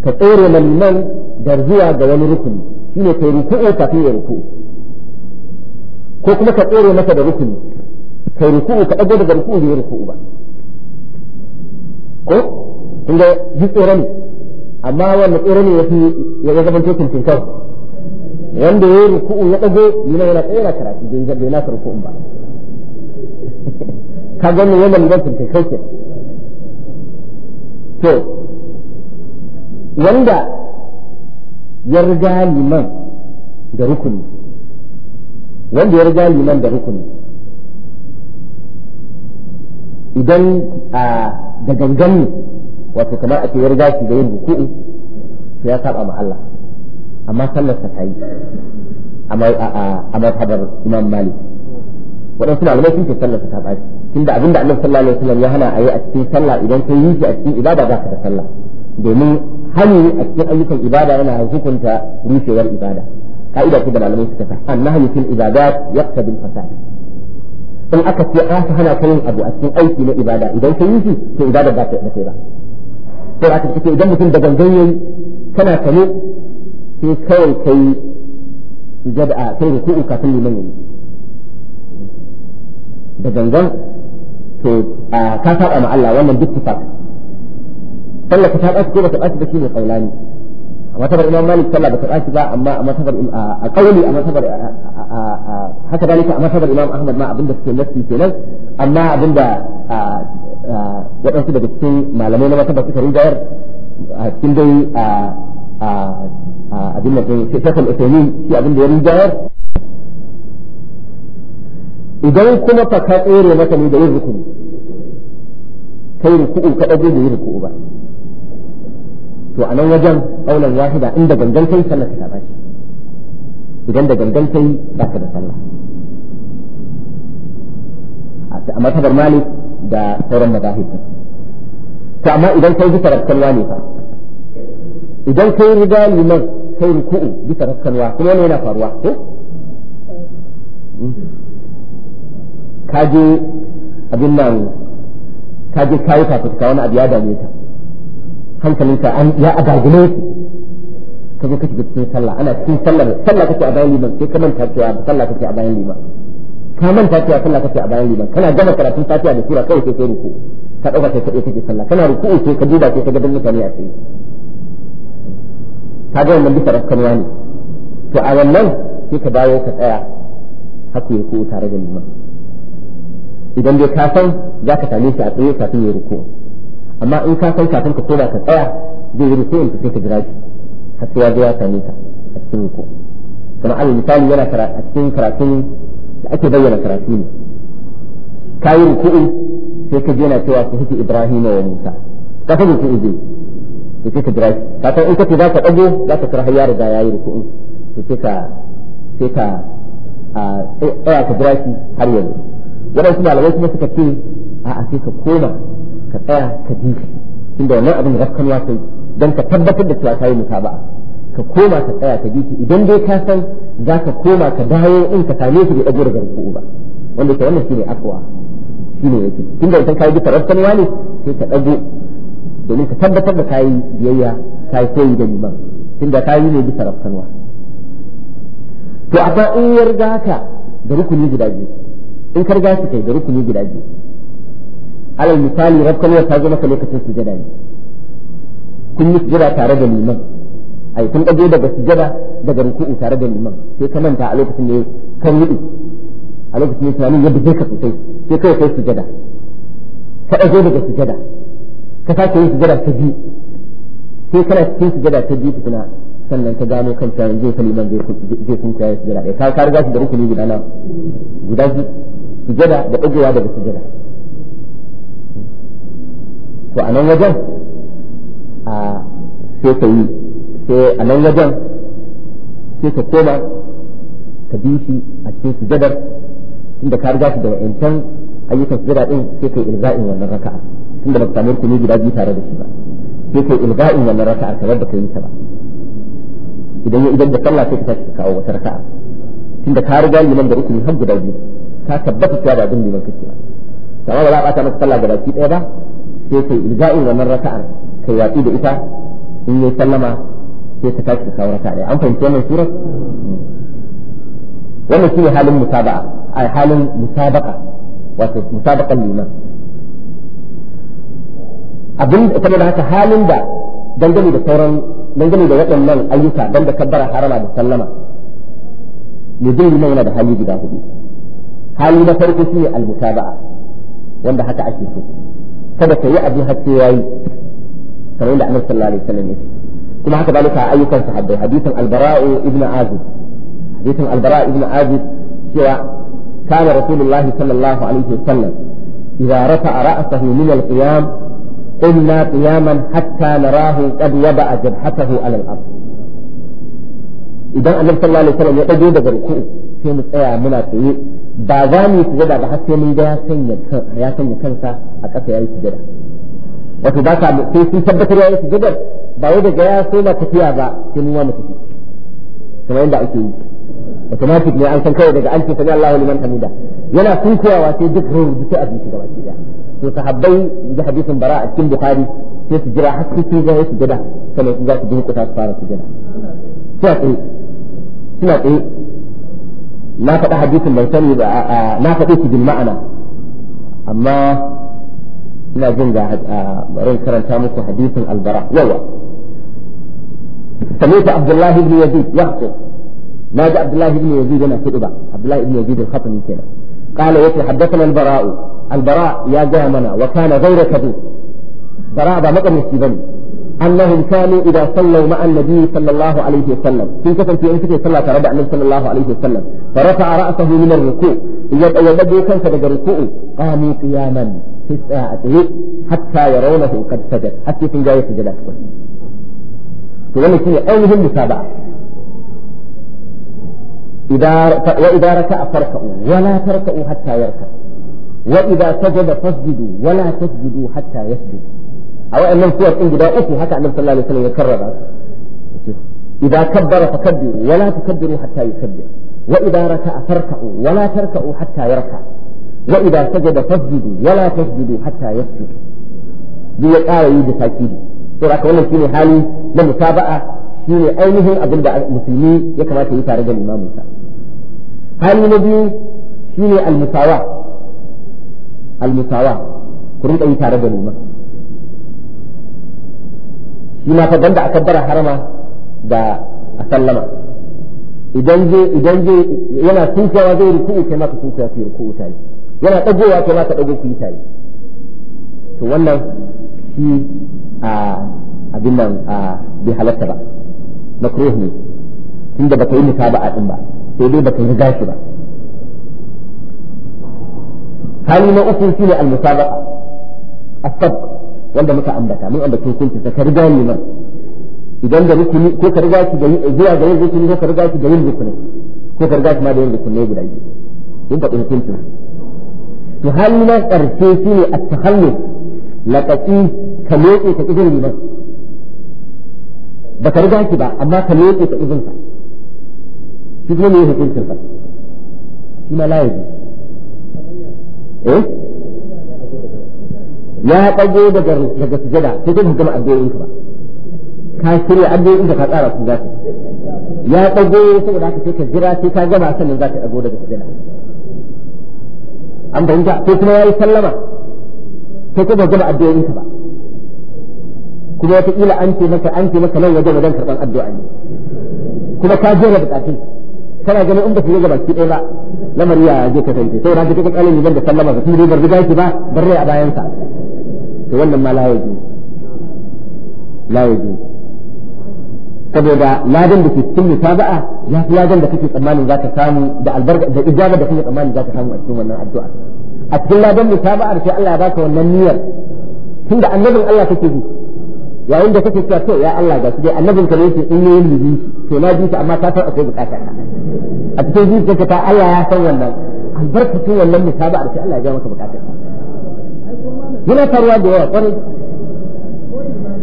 ka tsere liman da zuwa ga wani rukuni shine ruku ko kafin ya ruku ko kuma ka tsere masa da rukuni kai ruku ka dago daga ruku bai ruku ba ko inda ji tsere ne amma wannan tsere ne yafi ya zama cikin tinkar wanda yayi ruku ya dago yana yana tsere karatu bai bai na ruku ba ka ga ne yana da tinkar ke to wanda ya riga liman da rukuni wanda ya riga liman da rukuni idan a da gangan ne wato kamar ake ya riga shi da yin ruku'u to ya saba ma Allah amma sallar ta yi a mazhabar Imam Malik waɗansu malamai sun ce sallar ta ɓaci tunda abinda Annabi sallallahu alaihi wasallam ya hana a yi a cikin sallah idan kai yi shi a cikin ibada za ka da sallah domin hani ne a cikin ayyukan ibada yana hukunta rushewar ibada ka'ida ce da malamai suka sa annahu fil ibadat yaqtadi al fasad in aka ce an hana ka yin abu a cikin aiki na ibada idan ka yi shi to ibada ba ta ba to aka ce idan mutum da gangan yayi kana kame sai kawai kai sujada kai ruku'u kafin liman yayi da gangan to ka saba ma Allah wannan duk tafsir sallar ta ɓaci ko ba ta ɓaci ba shine kaulani a matabar imam malik sallah ba ta ɓaci ba amma a matabar a kauli a matabar haka dalika a matabar imam ahmad ma abinda suke nafsi kenan amma abinda waɗansu daga cikin malamai na matabar suka rinjayar a cikin dai abin da sai shekul usaimin shi abinda ya rinjayar idan kuma fa ka tsere maka ne da yin rukun kai ruku'u ka ɗago da yin ruku'u ba to a nan wajen ɗaunar wahida inda gangan kai sallar ta ba shi idan da gangan kai ba ka da sallah a matabar malik da sauran mazahib to amma idan kai bisa rakkanwa ne fa idan kai riga liman kai ruku'u bisa rakkanwa kuma wani yana faruwa ko ka je abin nan ka je kayi fafutuka wani abu ya dame ka hankalinka an ya adagune ka zo ka shiga cikin sallah ana cikin sallah sallah kake a bayan liman sai ka manta cewa sallah kake a bayan liman ka manta cewa sallah kake a bayan liman kana gama karatun fatiha da sura kai sai sai ruku ka dauka kai kadai kake sallah kana ruku sai ka duba sai ka ga dan mutane a tsaye ka ga wannan bisa rakkanwa ne to a wannan sai ka dawo ka tsaya haka ya ko tare da liman idan dai ka san za ka same shi a tsaye kafin ya ruku. amma in ka san kafin ka koma ka tsaya zai yi ruku'in ka sai ka jira shi har sai ya zo ya same ka a cikin ruku kuma alal misali yana a cikin karatun da ake bayyana karatu ne ka yi ruku'in sai ka je na cewa su hiki ibrahim wa musa ka san ruku'in zai to sai ka jira shi ka san in ka ce za ka dago za ka kira har ya riga ya yi ruku'in to sai ka sai ka a tsaya ka jira shi har yanzu waɗansu malamai kuma suka ce a'a sai ka koma ka tsaya ka bi shi inda wannan abin rafkanwa kai don ka tabbatar da cewa ka yi musaba'a ka koma ka tsaya ka bi shi idan dai ka san za ka koma ka dawo in ka same shi da ɗago daga ruku'u ba wanda ke wannan shine akwa shine yake tunda idan ka yi bisa rafkanwa ne sai ka ɗago domin ka tabbatar da kayi biyayya ka yi koyi da liman tun ka yi ne bisa rafkanwa to a ba in yarda ka da rukuni guda biyu in ka riga kai da rukuni guda biyu alal misali rafkanwa ta zo maka lokacin sujada ne kun yi sujada tare da liman ai kun ɗago daga sujada daga ruku'u tare da liman sai ka manta a lokacin ne kan yi a lokacin ne tunanin yadda zai ka sosai sai kawai kai sujada ka ɗago daga sujada ka sake yin sujada ta biyu sai kana cikin sujada ta biyu tukuna sannan ka gano kan cewa zai kalli man zai kun yi sujada ɗaya ka riga shi da rukuni guda na guda sujada da dagewa daga sujada to a nan wajen a sai ka yi sai a nan wajen sai ka koma ka bi shi a cikin sujadar tunda ka riga shi da wa'ancan ayyukan sujada din sai ka yi ilga'in wannan raka'a tunda ba ka samu rukuni guda biyu tare da shi ba sai ka yi ilga'in wannan raka'a kamar da ka yi ta ba idan ya idan da sallah sai ka tashi kawo wata raka'a tunda ka riga liman da rukuni har guda biyu ka tabbata cewa ba abin liman kake ba amma ba za a ɓata maka sallah gaba ki ɗaya ba sai kai ilga'in wannan raka'ar kai watsi da ita in yi sallama sai ta tashi kawo raka'a ɗaya an fahimci wannan surar wannan shine halin musaba'a ai halin musabaqa wato musabaqan liman abin saboda haka halin da dangane da sauran dangane da waɗannan ayyuka dan da kabbara harama da sallama ne zai liman yana da hali guda hudu hali na farko ne al-musaba'a wanda haka ake so kada ka yi abu har sai yayi kamar yadda annabi sallallahu alaihi wasallam ya ce kuma haka zalika a ayyukan sahabbai hadisin albara'u ibn azib hadisin albara'u ibn azib cewa kana rasulullahi sallallahu alaihi wasallam idza rafa'a ra'sahu min al-qiyam قلنا قياما حتى نراه قد وضع جبهته على الارض idan annabi sallallahu alaihi wasallam ya dago daga ruku sai mu tsaya muna tsaye ba za mu yi sujada ba har sai mun ga ya sanya kansa a ƙasa ya yi sujada wato ba ka sai sun tabbatar ya yi sujada ba wai daga ya so na tafiya ba sai mun wani tafi kamar yadda ake yi automatic ne an san kawai daga an ce sami Allahu liman hamida yana sunkuyawa sai duk rubuce a zuci gaba ɗaya to sahabbai da hadisin bara a cikin bukhari sai su jira har sai ga su sujada sannan su za su dinka su fara sujada sai tsaye suna tsaye لا فقد حديث ban لا فقد na faɗi أما لا ma'ana amma ina jin حديث البراء karanta سميت عبد الله بن يزيد يخطب جاء عبد الله بن يزيد انا إبا عبد الله بن يزيد من كنا قال يتي حدثنا البراء البراء يا جامنا وكان غير كبير براء ما مقام يستيبني انهم كانوا اذا صلوا مع النبي صلى الله عليه وسلم في كتب في انفسه صلى ربع صلى الله عليه وسلم فرفع رأسه من الركوع إذا وبدأ كان فدق الركوع قاموا قياما في ساعته حتى يرونه قد سجد حتى في جاية سجدات كل فلما يكون أولهم متابعة إذا وإذا ركع فاركعوا ولا تركعوا حتى يركع وإذا سجد فاسجدوا ولا تسجدوا حتى يسجد أو أن الصور إن جداؤه حتى النبي صلى الله عليه وسلم يكرر إذا كبر فكبروا ولا تكبروا حتى يكبر وإذا ركع فاركعوا ولا تركعوا حتى يركع وإذا سجد فاسجدوا ولا تسجدوا حتى يسجد دي قال يجي تاكيد to aka wannan shine hali na mutaba'a shine ainihin abin musulmi ya kamata yi tare da limamin hali na biyu shine al-musawa al ku rinka yi tare da akabbara harama da a sallama idan je idan je yana tukawa zai ruku'u kai maka tuka fi ruku'u tare yana dagowa kai maka dago ku tare to wannan shi a abin nan a bi halatta ba makruh ne tunda baka yi mutaba'a din ba sai dai baka riga shi ba hali na uku shine al-musabaqa as-sabq wanda muka ambata mun ambace hukunci ta riga ne nan idan da rukuni ko ka riga ki gani zuwa ga yin rukuni ko ka riga ki gani rukuni ko ka riga ki ma da yin rukuni guda biyu in ka ɗauki tun to hali na ƙarshe shi ne a tahallu laƙaƙi ka loke ka izin liman ba ka riga ki ba amma ka loke ka izin ka shi ne ne hukuncin sa shi ma layi eh ya kago daga daga sujada sai dai hukuma addu'o'inka ba ka shirya dai inda ka tsara su za ya dago saboda haka sai ka jira sai ka gama sannan za ka dago daga sujada an bayyana ko kuma yayi sallama sai ka gama addu'o'in ka ba kuma wata kila an ce maka an ce maka nan waje wajen karban addu'a ne kuma ka jira bukatun kana ganin in ba su yi gaba ki ɗaya ba lamari ya je tantance saboda haka kika kalin da sallama ba kuma dai bar riga ki ba bar rai a bayan ka to wannan ma la yaji la yaji saboda ladan da ke cikin mutaba'a ya fi ladan da kake tsammanin ka samu da albarka da ijaba da kake tsammanin ka samu a cikin wannan addu'a a cikin ladan mutaba'ar sai Allah ya baka wannan niyyar tunda annabin Allah kake bi yayin da kake cewa to ya Allah ga dai annabin ka ne yake in yayin yake to na ji ta amma ka san akwai bukata a cikin zuciyarka ta Allah ya san wannan cikin wannan mutaba'ar sai Allah ya ga maka bukata yana faruwa da yawa kwarai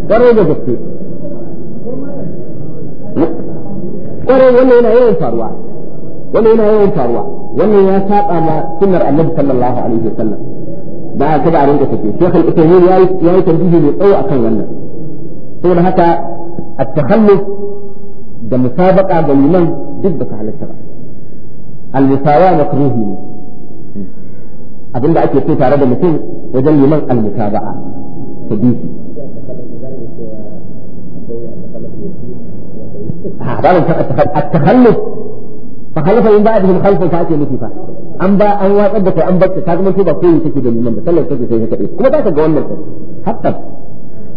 kwarai da gaske kwarai wannan yana yawan faruwa wannan yana yawan faruwa wannan ya saba ma sunnar annabi sallallahu alaihi wasallam da aka da rinka take shekh al-utaymin yayi yayi tambayi mai tsawo akan wannan saboda haka at-takhalluf da musabaqa da liman duk da halatta ba al-musawa makruhi ne abinda ake so tare da mutum wajen liman al-musabaqa ta ba التخلف تخلف من ta خلف فأتي مكيفا an ba an watsar da kai an barka ta zama ba koyi take da liman da sallar take sai kaɗai kuma za ka ga wannan kai hatta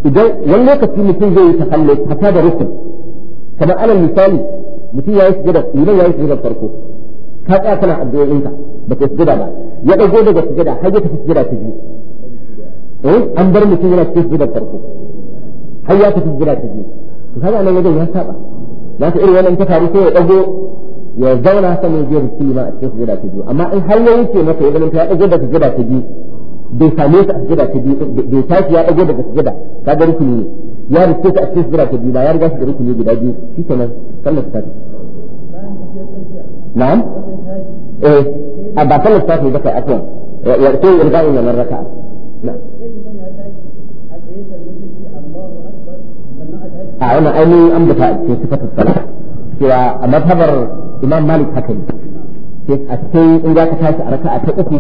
idan wani lokaci mutum zai yi takallus hatta da rukun kamar alal misali mutum ya yi sujada liman ya yi sujada farko ka tsaya kana addu'o'in ka ba ka sujada ba ya dago daga sujada har ya tafi sujada ta biyu an bar mutum yana cikin sujada farko har ya tafi sujada ta biyu to kaga nan wajen ya saba za ka irin wannan ta faru sai ya dago ya zauna sama ya je rukuni ma a cikin sujada ta biyu amma in har yau wuce masa ya ganin ta ya dago daga sujada ta biyu bai same ta a sujada ta biyu bai tashi ya dago daga sujada ta ga rukuni ne ya rike ta a cikin sujada ta biyu ba ya riga shi da rukuni guda biyu shi ke nan sallar ta na'am eh a ba sallar ta ba kai akwai ya rike irga'in yanar raka'a na'am a wannan ainihin ambata a cikin sifatar salat cewa a mazhabar imam malik haka ne sai a cikin in za ka tashi a raka'a ta uku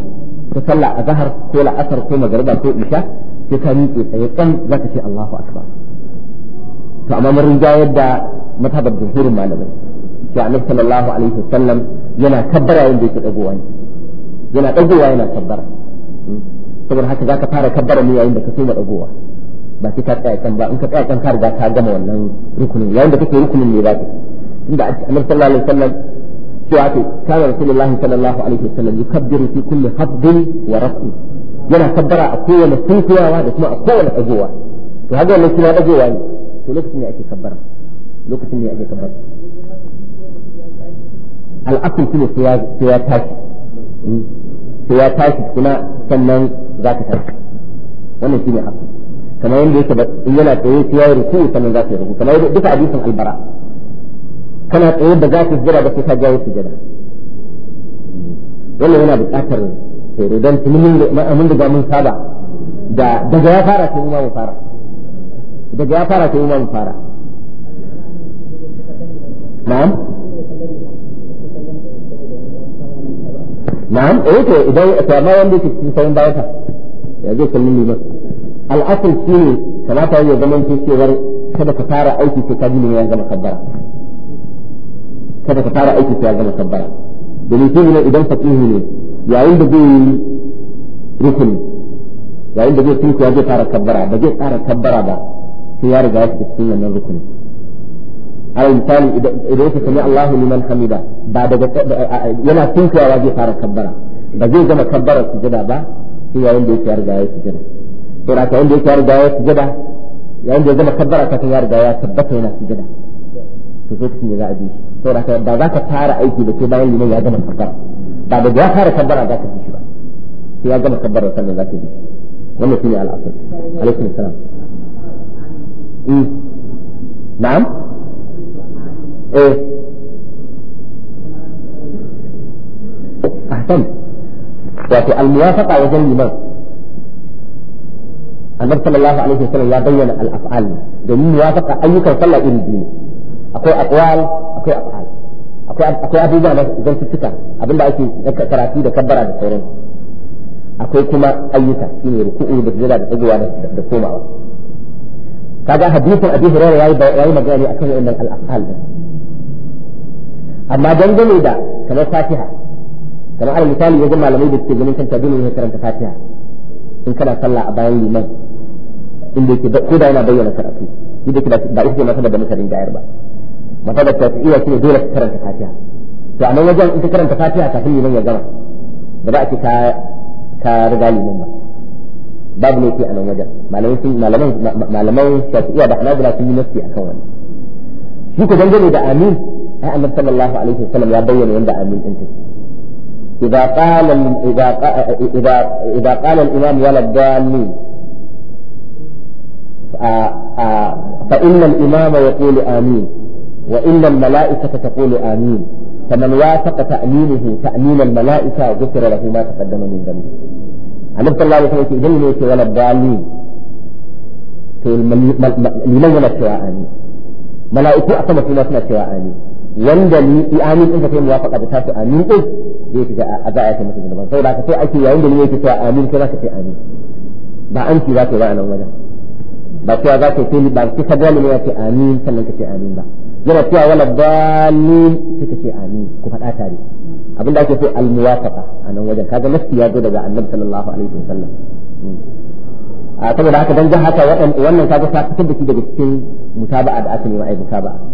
ta sallah a zahar ko la'asar ko magariba ko isha sai ka miƙe tsaye kan za ka ce allahu akbar to amma mun rinjayar yadda mazhabar jumhurin malamai cewa annabi sallallahu alaihi wasallam yana kabbara yanda yake dagowa ne yana dagowa yana kabbara hmm. saboda haka za ka fara kabbara ne yayin da ka so dagowa ba sai ka tsaya kan ba in ka tsaya ka riga ka gama wannan rukunin yayin da kake rukunin ne za ka tunda annabi sallallahu alaihi wasallam cewa ce kana rasulullah sallallahu alaihi wasallam yukabbiru fi kulli hadbin wa rafi yana kabbara a kowane sunkuyawa da kuma a kowane dagowa to haka wannan kina dagowa ne to lokacin ne ake kabbara lokacin ne ake kabbara al'asul shine sai ya tashi hmm. sai ya tashi kuma sannan za ka tashi wannan shine asul kamar yadda yake in yana tsaye sai yayi ruku sannan za ka yi ruku kamar duka hadisin albara kana tsaye da za ka jira da sai ka jawo jira wannan yana buƙatar tsoro don mun riga mun saba da daga ya fara sai mu fara daga ya fara sai mu fara na'am na'am eh to idan ta ma wanda yake cikin sayin bayan ya zai kallon liman الأصل فيه كما تقول زمان في صغر كذا كتارة أي في تكذب من يعزم خبرة كذا كتارة أي في يعزم خبرة بالنسبة لنا إذا فتيه لي يا عند بي ركن يا عند بي فيك يا جيت أرك خبرة بجيت أرك خبرة بقى في من ركن على الإنسان إذا إذا سمع الله لمن حمدا بعد جت آه، آه، آه، ينا فيك يا واجي أرك خبرة بجيت جم خبرة سجدة في يا عند بي فيك saboda ka wanda yake ya riga ya sujada yayin da ya gama kabbara ka ya riga ya tabbata yana sujada to sai kuma za a bi shi saboda ba za ka fara aiki da ke bayan liman ya gama kabbara ba da ya fara kabbara za ka bi shi ba sai ya gama kabbara sannan za ka bi shi wannan shine al'asar alaikum salam eh. na'am eh ahsan wato al-muwafaqa wajen liman annabi sallallahu alaihi wasallam ya bayyana al-af'al domin muwafaqa ayyukan sallah iri biyu ne akwai aqwal akwai af'al akwai akwai abubuwa na zantuttuka abinda ake karatu da kabbara da sauran akwai kuma ayyuka shine ruku'u da sujada da tsagowa da komawa kaga hadisin abi hurairah yayi yayi magana ne akan wannan al-af'al amma dangane da kamar fatiha kamar al misali ya ga malamai da suke ganin kanta dole ne karanta fatiha in kana sallah a bayan liman inda yake ko da yana bayyana karatu inda yake ba ita masa da muka gayar ba ta da tafiya shine dole ka karanta fatiha to a nan wajen in ka karanta fatiha kafin liman ya gama ba za a ce ka riga liman ba babu ne ke a nan wajen malaman sun malaman malaman iya da hanabila sun yi nasi kan wannan shi ko dangane da amin ai annabi sallallahu alaihi wasallam ya bayyana wanda amin din take إذا قال إذا قال إذا إذا قال الإمام ولا الضالين آه، آه، فإن الإمام يقول آمين وإن الملائكة تقول آمين فمن وافق تأمينه تأمين الملائكة غفر له ما تقدم من ذنبه. علمت الله عليه وسلم إذا ليس ولا الضالين لمن يلا سواء آمين ملائكة في نفسنا سواء آمين wanda ni i amin din ka kai muwafaqa da tasu amin din zai fi a za a yi masa sai da ka sai ake yayin da ni yake cewa amin sai za ka ce amin ba an ci za ka ba a nan wajen ba cewa za ka ce ni ba ki ka gani ne ya ce amin sannan ka ce amin ba yana cewa wala dalil sai ka ce amin ku faɗa tare abinda ake so al muwafaqa a nan wajen kaga nafsi ya zo daga annabi sallallahu alaihi wasallam hmm. a saboda haka dan ga haka wannan kaga ta fitar da shi daga cikin mutaba'a da aka nema ai mutaba'a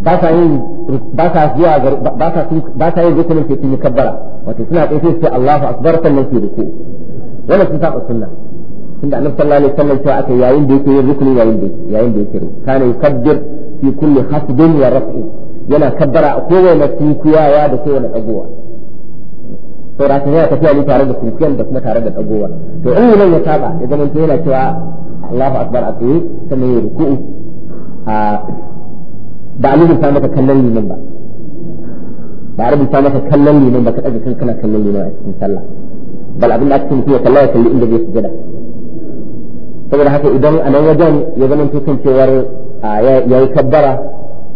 ba sa yin ba sa zuwa ba sa ba sa yin rukunin sai kabbara wato suna kai sai Allahu akbar sannan sai ruku wannan sun saba sunna tunda annabi sallallahu alaihi wasallam cewa aka yayin da yake yin rukuni yayin da yayin da yake kana yukabbir fi kulli hasbin wa raf'i yana kabbara a kowane ya da kowane dagowa to da kuma tafiya ne tare da tunkuyan da kuma tare da dagowa to in nan ya saba ya zama yana cewa Allahu akbar a tsaye sannan ya ruku'u a ba a rubuta maka kallon liman ba ba a rubuta maka kallon liman ba ka ɗaga kan kana kallon liman a cikin sallah bal abin da ake mutum kallon ya kalli inda zai sujada saboda haka idan a nan wajen ya zama to kan cewar ya yi kabbara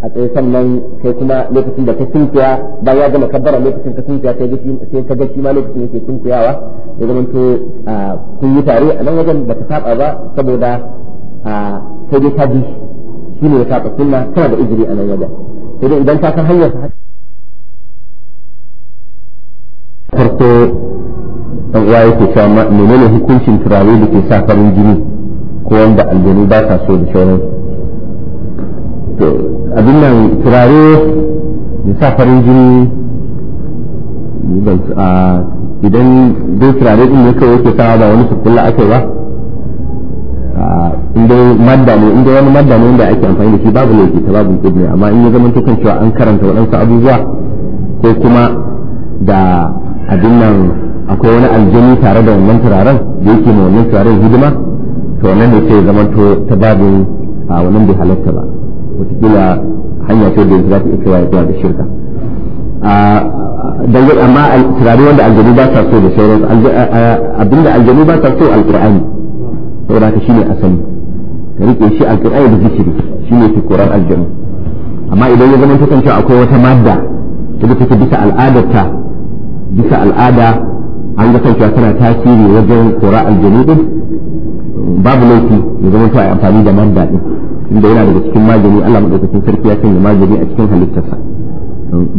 a tsaye sannan sai kuma lokacin da ka sunkuya bayan ya gama kabbara lokacin ka sunkuya sai sai ka ga shi ma lokacin yake sunkuyawa ya zama to kun yi tare a nan wajen ba ka saba ba saboda sai dai ka bi shine ya saba sunna tana da izini a nan wajen sai dai idan ka san hanyar sa farko dan uwa yake cewa menene hukuncin turare da ke sa farin jini ko wanda aljanu ba sa so da shauran to abin nan turare da sa farin jini idan dai turare din ne kawai yake sa ba wani sukulla ake ba Ah, in dai madda ne in dai wani madda ne wanda ake amfani da shi babu laifi ta babu ibn amma in ya zama tukan cewa an karanta waɗansu abubuwa ko kuma da abin nan akwai wani aljani tare da wannan turaren da yake ma wannan turaren hidima to wannan ne sai zama to ta babin a ah, wannan bai halatta ba wataƙila hanya ce da za ta iya kaiwa ya da shirka ah, amma turare wanda aljanu ba sa so da sauransu abinda aljanu ba sa so alƙur'ani saboda ka shine asali ka rike shi alqur'ani da zikiri shine tukuran aljanu amma idan ya zama ta kanta akwai wata madda da take bisa al'adarta bisa al'ada an ga kanta tana tasiri wajen kora aljanu din babu laifi ya zama ta amfani da madda din inda yana daga cikin magani Allah madaukakin sarki ya sanya magani a cikin halittarsa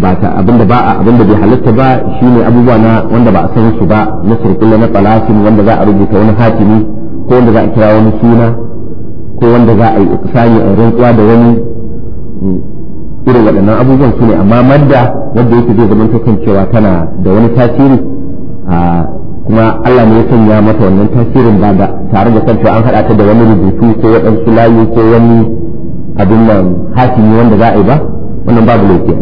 ba ta abinda ba a abinda bai halitta ba shine abubuwa na wanda ba a san su ba na sirkulla na falasin wanda za a rubuta wani hatimi ko wanda za a kira wani suna ko wanda za a yi iksani a rantsuwa da wani mm, irin waɗannan abubuwan su ne amma madda wadda yake zai zama kan cewa tana da wani tasiri kuma Allah ne ya sanya mata wannan tasirin ba da tare da kanta an haɗa ta da wani rubutu ko waɗansu layu ko wani abin nan hakimi wanda za a yi ba wannan babu laifi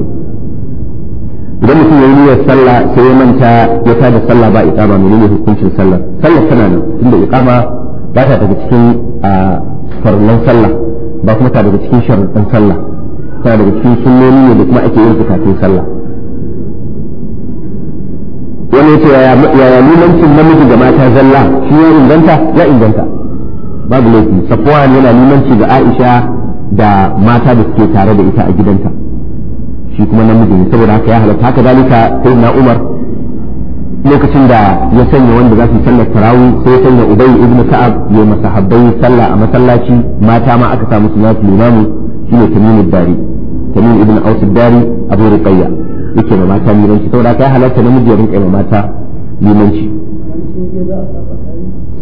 idan mutum yayi niyyar sallah sai ya manta ya tada sallah ba iqama menene hukuncin sallah sallah tana nan tunda iqama ba ta daga cikin farnan sallah ba kuma ta daga cikin sharuɗin sallah ta daga cikin sunnoni ne da kuma ake yin kafin sallah wani ya ce yaya nunancin namiji ga mata zalla shi ya inganta ya inganta babu laifi safuwan yana nunanci ga aisha da mata da suke tare da ita a gidanta shi kuma namiji ne saboda haka ya halatta haka zalika sai na umar lokacin da ya sanya wanda za su sallar tarawi sai ya sanya ubay ibnu ka'ab ya masahabbai sallah a masallaci mata ma aka samu musu nasu limamu shine tamim dari tamim ibn aus dari abu ruqayya yake ma mata limanci saboda kai halatta namiji ya rinka ma mata limanci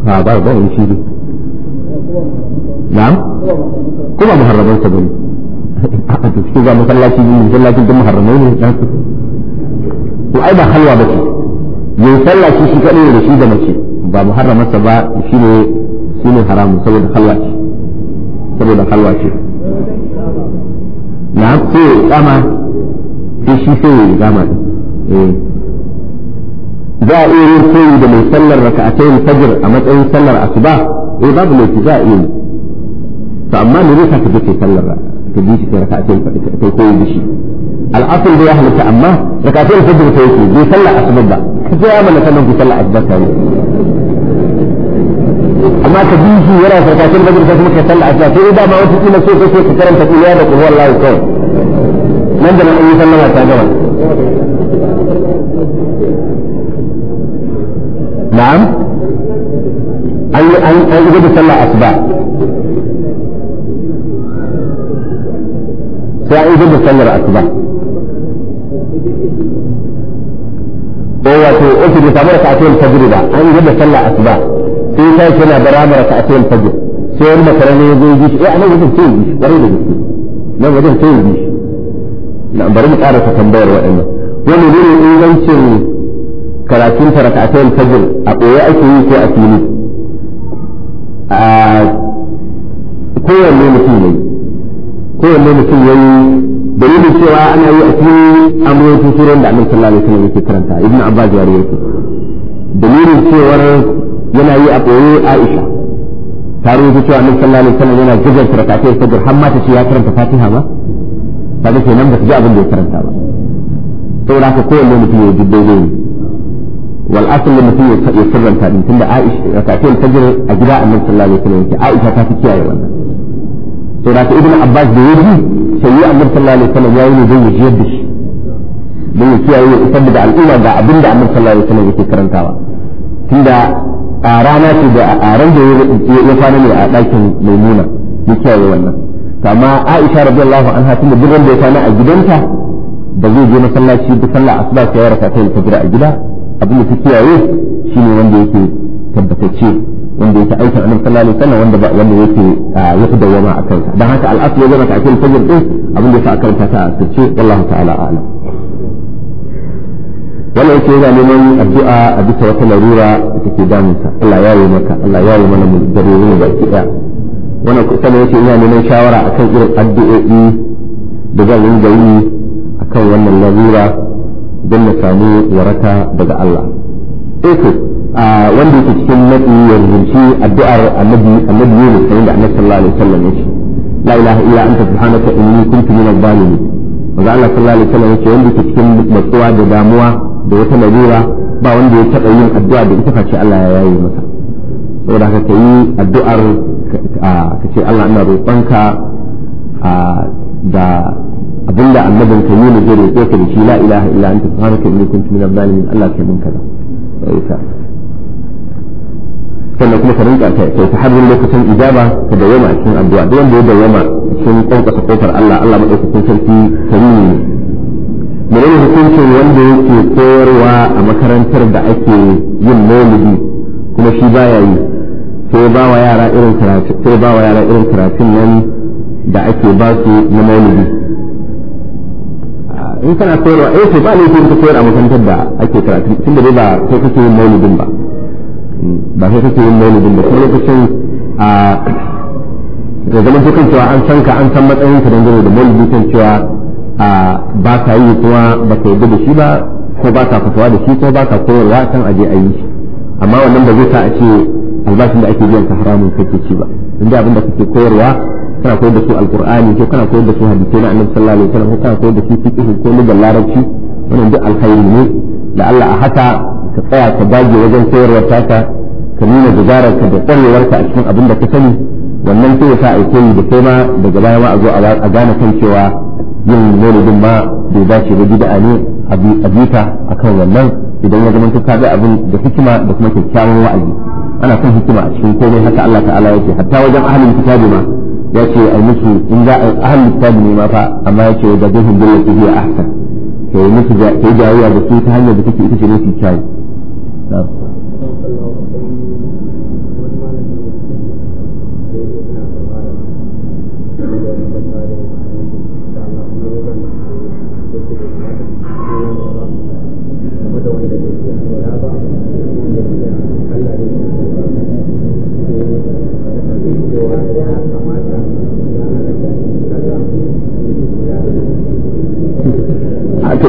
ha ba ba in shi na'am kuma muharraban ta bane a cikin masallaci ne masallacin duk muharramai ne ko ai ba halwa bace ya yi sallah shi shi kaɗai da shi da mace ba mu haramarsa ba shi ne shi ne haramun saboda halwa ce saboda halwa ce na ko kama sai shi sai ya yi kama eh. za a iya yin koyi da mai sallar raka'atayn fajr a matsayin sallar asuba eh babu laifi za a iya yi to amma me zai ka ce kai sallar ka bi shi kai raka'atayn kai koyi da shi al'asul da ya halitta amma raka'atayn fajr ta yake bai sallar asuba ba ka ya mana sallan ku sallah asuba tare amma ka bi shi yana sarkacin bajir ka kuma ka sallah asuba sai da ma wata kila so ko ka karanta kuliya da kulhu Allah kawai nan da nan an yi sallama ta gaba na'am an an an yi da sallah asuba sai an yi da sallar asuba ko wato ofi bai samu raka'atul fajr ba an yi da sallah asuba sai sai yana barama raka'atul fajr sai wani makarani ya zo yi shi eh anan wajen sai yi bare da gaske nan wajen sai yi na bari mu ƙara tambayar waɗannan wani ne ingancin karatun ta raka'atul fajr a ɓoye ake yi ko a fili a kowanne mutum ne kowanne mutum yayi dalilin cewa ana yi a cikin amurin turan da annabi sallallahu alaihi wasallam yake karanta ibnu abbas ya rawaito dalilin cewar yana yi a koyo aisha ta rubuta cewa annabi sallallahu alaihi wasallam yana gajar karatu ta har hamma ta ce ya karanta fatiha ba ta ce nan ba ta ji abin da ya karanta ba saboda haka kowanne mutum ya ji daidai ne wal asl mutum ya sirranta din tunda aisha ta ce ta a gida annabi sallallahu alaihi wasallam yake aisha ta fi kiyaye wannan to da ibn abbas da yaji sai annabi sallallahu alaihi wasallam yayi ne zai jiyar da shi don ya kiyaye ya isar da al'umma ga abin da annabi sallallahu alaihi wasallam yake karantawa tunda a rana ce da a ran da ya fara ne a ɗakin maimuna ya kiyaye wannan to amma aisha radiyallahu anha da duk da ya kwana a gidanta ba zai je masallaci duk sallah asuba sai ya raka ta ta gida a gida abin da ta kiyaye shine wanda yake tabbatacce wanda yake aika annabi sallallahu alaihi wasallam wanda wanda yake ah, ya fi dawama a kansa dan haka al'asu ya zama ta'kil fajr din abin da ya a kansa ta asirce wallahi ta'ala a'lam wala yake ga neman addu'a a bisa wata larura da take damunsa Allah ya yi maka Allah ya yi mana mu da ke da daya wannan sanin yake yana neman shawara akan irin addu'o'i da zan ringa yi akan wannan larura don na samu waraka daga Allah. Eh wanda yake cikin nadi ya rubuci addu'ar annabi annabi ne sai da annabi sallallahu alaihi wasallam ya ce la ilaha illa anta subhanaka inni kuntu minadh zalimin wanda Allah sallallahu alaihi wasallam ya ce wanda yake cikin matsuwa da damuwa da wata lalura ba wanda ya taɓa yin addu'a da ita face Allah ya yayi masa saboda haka yi addu'ar ka ce Allah ina roƙonka da abinda annabin ka yi zai roƙe ka da shi la ilaha illa anta subhanaka inni kuntu minadh zalimin Allah ya yi min kaza sannan kuma ka rinka kai ta har lokacin ijaba ka dawama a cikin addu'a duk wanda ya da yama cikin ƙanƙasa kofar Allah Allah madaukakin sarki karimi ne menene hukuncin wanda yake koyarwa a makarantar da ake yin maulidi kuma shi baya yi sai ba wa yara irin karatu sai ba wa yara irin karatun nan da ake ba su na maulidi ah, in kana koyarwa eh to ba ne ka koyar a makarantar da ake karatu tunda dai ba sai kake yin maulidin ba ba sai kake yin maulidin ba kuma lokacin a da zaman to kan cewa an san ka an san matsayin ka dangane da maulidi kan cewa a ba ka yi kuma ba ka yi da shi ba ko ba ka fatawa da shi ko ba ka koyarwa san aje a yi shi amma wannan ba zai sa a ce albashin da ake biyan ka haramun kake ci ba inda abin da kake koyarwa kana koyar da su alqur'ani ko kana koyar da su hadisi na annabi sallallahu alaihi wasallam ko kana koyar da su fiqh ko lugar larabci wannan duk alkhairi ne da Allah a haka ka tsaya ka dage wajen sayarwar taka ka nuna dubararka da tsarewarka a cikin abin da ka sani wannan sai ya sa aike ni da kai ma daga baya ma a zo a gane kan cewa yin maulidin ma bai dace ba bid'a ne a bita akan wannan idan ya zama ka ga abin da hikima da kuma kyakkyawan wa'azi ana son hikima a cikin komai haka Allah ta'ala yake hatta wajen ahalin kitabi ma yace ai musu in za ahalin kitabi ne ma fa amma yace da zai hindar da a ahsan kai musu kai jayayya da su ta hanyar da take ita ce su kyau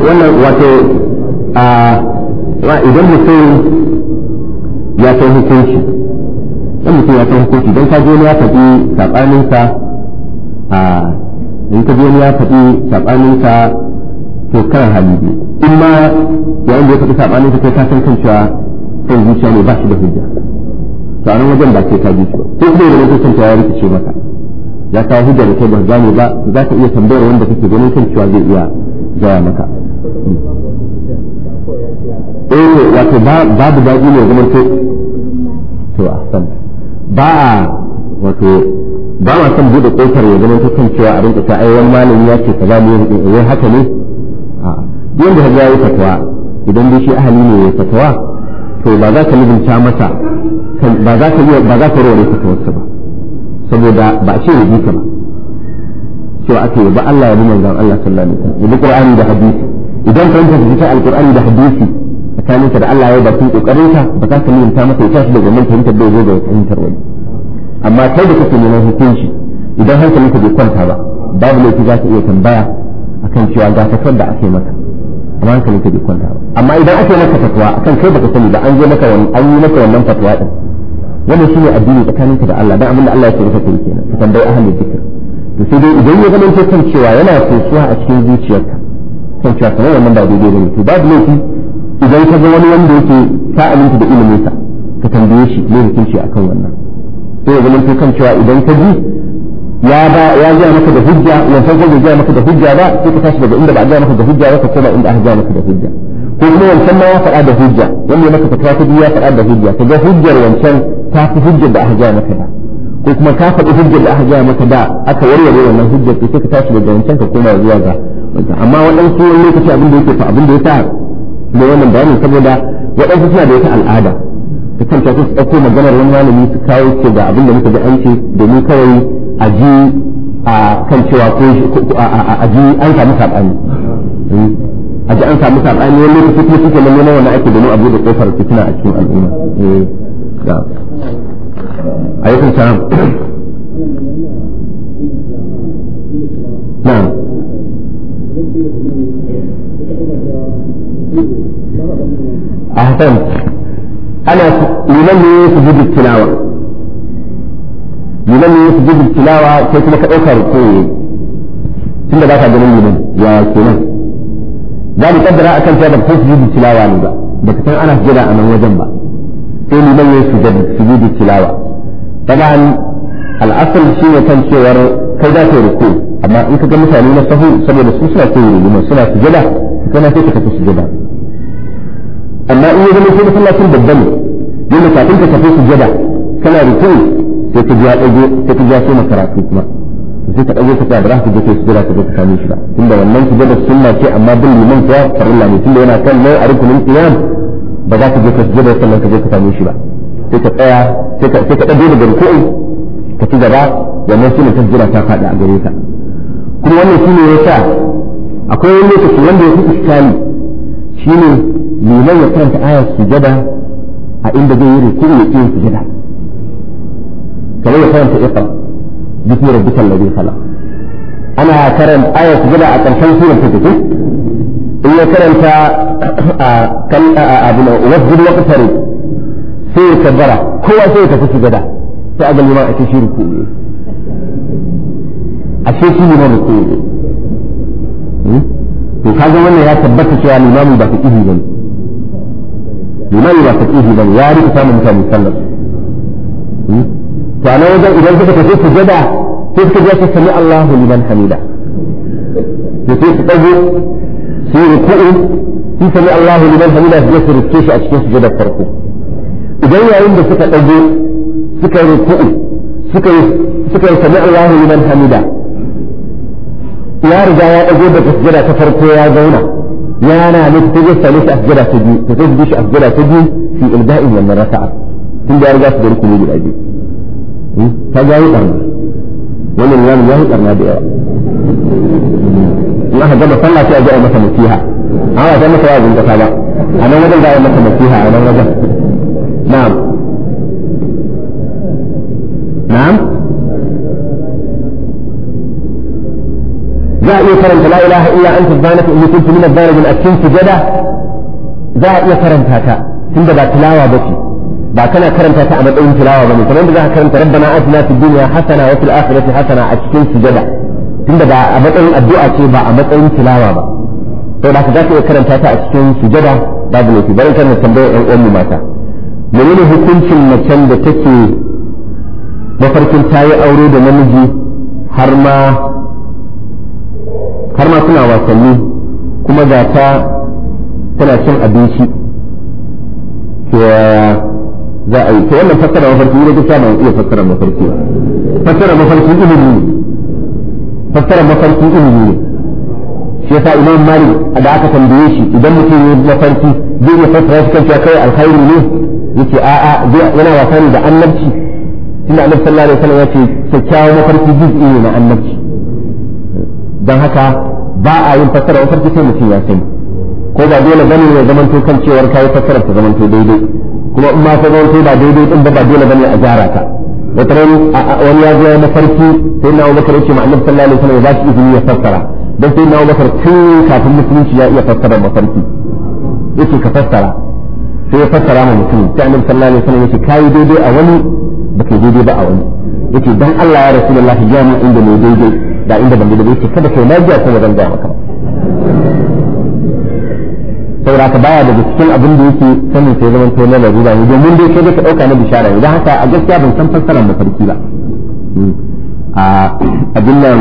wannan wato idan mutum ya san hukunci idan mutum ya san hukunci don ka wani ya faɗi saɓaninsa a in ka wani ya faɗi saɓaninsa to kan hali ne in ma yayin da ya faɗi saɓaninsa kai ka san kan cewa kan zuciya ne ba shi da hujja to a nan wajen ba sai ka ji shi ba ko zai da lokacin ta ya rikice maka ya kawo hujja da kai ba ba za ka iya tambayar wanda kake ganin kan cewa zai iya gaya maka eh wato babu daɗi ne kamar to to ahsan ba a wato ba ma san bude kofar ya zama kan cewa a rinka ta ai wani malami ya ce kaza ne eh, eh, wai haka ne a duk da ya yi fatawa idan dai shi ahali ne ya fatawa to ba za ka lubunta masa ba za ka ba za ka rawaye fatawarsa ba saboda ba a ce ya ba cewa ake ba Allah ya bi manzon Allah sallallahu alaihi wasallam ya Qur'ani da hadisi idan ka yanka jikin alkur'ani da hadisi tsakanin ka da Allah ya bakin kokarin ka ba za ka nuna masa ya tashi daga nan fahimtar da zo da fahimtar wani amma kai da kake neman hukunci idan hankalin ka bai kwanta ba babu laifi za ka iya tambaya akan cewa ga fatwar da ake maka amma hankalin ka bai kwanta ba amma idan ake maka fatwa akan kai baka sani ba an je maka wani an yi maka wannan fatwa din wannan shine addini tsakanin ka da Allah dan abinda Allah ya ce maka kai kenan ka tambayi ahlul zikr to sai dai idan ya zama kan cewa yana sosuwa a cikin zuciyarka kan cewa kamar wannan ba daidai to babu laifi idan ka ga wani wanda yake ta aminta da ilimin sa ka tambaye shi me hukunci akan wannan sai ya zama kan cewa idan ka ji ya ba ya ga maka da hujja wannan zai ga maka da hujja ba sai ka tashi daga inda ba ga maka da hujja ba ka koma inda aka ga maka da hujja ko kuma wancan ma ya faɗa da hujja wanda maka fatawa ta biyu ya faɗa da hujja ka ga hujjar wancan ta fi hujjar da aka ga maka da ko kuma ka faɗi hujjar da aka ga maka da aka warware wannan hujjar sai ka tashi daga wancan ka koma zuwa ga banta amma waɗansu wani lokaci abin da yake fa abin da ya sa da wannan bayani saboda waɗansu suna da wata al'ada ta kanta su ɗauko maganar wani malami su kawo ce ga abin da muka ji an ce domin kawai a ji a kan cewa ko a ji an samu saɓani eh, a ji an samu saɓani wani lokaci kuma suke nan nuna wannan ake domin abu da ƙofar fitina a cikin al'umma. Eh, أحسنت أنا لمن يسجد التلاوة لمن يسجد التلاوة كيف لك أخر كوي تند باكا جنون لمن يا كينا ذلك قدر أكن كيف تسجد التلاوة لبا بكتن أنا سجد أنا وجنبا في لمن يسجد سجود التلاوة طبعا الأصل شيء كان شيء كي ذات ركوع amma in ka ga mutane na sahu saboda su suna koyi rigimar suna sujada kana sai ka tafi sujada amma in ya zama sai masallacin babba ne yana kafin ka tafi sujada kana rukuni sai ka ja dago sai ka ja so karatu kuma sai ka dago ka ta da rahaka kai sujada ka ka kame shi ba tunda wannan su sun sunna ce amma bin liman ta farilla ne tunda yana kan nau'a rukunin qiyam ba za ka je ka sujada sannan ka je ka kame shi ba sai ka tsaya sai ka dago daga rukuni ka ci gaba wannan sunan ta jira ta faɗi a gare ka kuma wannan shine ya sa akwai wani lokaci wanda ya fi iskali shine liman ya karanta ayar sujada a inda zai yi rukun ya ƙi sujada kamar ya karanta iqra bismi rabbikal ladhi khalaq ana karanta ayar sujada a ƙarshen surar ta in ya karanta a kan abu na wasjud waqtari sai ya kabbara kowa sai ya tafi sujada sai a ga liman a cikin rukun a ce shi ne da hmm? koyi to kaga wannan ya tabbata cewa limamin ba ta ihi bane limamin ba ta ihi bane ya rika samun mutane sallar hmm? to a nan wajen idan suka tafi jada sai suka je su sami Allahu liman hamida da sai su dago sai ruku'u sai sami Allahu liman hamida su je su rike shi a cikin jada farko idan yayin da suka dago suka ruku'u suka suka sami Allahu liman hamida يا رجال أجيبك أسجلة تفرقوا يا زونة يا أنا متجسة ليس أسجلة تجي تتجيش أسجلة تجي في إلداء لما رسع ثم يا رجال سدرك نجي الأجي فجاي أرنا ومن يوم الله أرنا بيرا الله جب صلى في أجاء مثل فيها على جمع فراغ انت سابع أنا مدل دائما مثل فيها أنا مدل نعم نعم za a iya karanta la ilaha illa anta subhanaka inni kuntu minadh dhalimin a cikin sujada za a iya karanta ta tunda ba tilawa ba ce ba kana karanta ta a matsayin tilawa ba ne kamar yadda za ka karanta rabbana atina fid dunya hasana wa fil akhirati hasana a cikin sujada tunda ba a matsayin addu'a ce ba a matsayin tilawa ba to da ka za ka iya karanta ta a cikin sujada babu laifi bari kan tambayar ɗan uwan mu mata menene hukuncin macen da take mafarkin ta yi aure da namiji har ma har ma suna wasanni kuma ga ta tana cin abinci za a yi ta wannan fassara mafarki ne gaskiya ba iya fassara mafarki fassara mafarki ilimi ne fassara mafarki ilimi ne shi yasa imam malik da aka tambaye shi idan mutum ya mafarki zai iya fassara shi kanta kai alkhairu ne yace a'a yana wasa ne da annabci tunda annabi sallallahu alaihi wasallam yace kyakkyawan mafarki juz'i ne na annabci don haka ba a yin fassara wa farki sai mutum ya sani ko ba dole bane ya zaman to kan cewar kai fassara ta zaman to daidai kuma in ma ta zaman to ba daidai din ba ba dole bane a gyara ta wata wani ya zo na farki sai na Abubakar yace ma Annabi sallallahu alaihi wasallam ya ba izini ya fassara dan sai na Abubakar tun kafin musulunci ya iya fassara mafarki yake ka fassara sai ya fassara ma mutum sai Annabi sallallahu alaihi wasallam yace kai daidai a wani baka daidai ba a wani yake dan Allah ya Rasulullahi ya mu inda ne daidai da inda ban da bai ce kada kai lafiya kuma zan gaya maka saboda ka baya daga cikin abin da yake sanin sai zaman to na larura ne domin dai kai ka dauka na bishara ne dan haka a gaskiya ban san fassarar farki ba hmm. a abin nan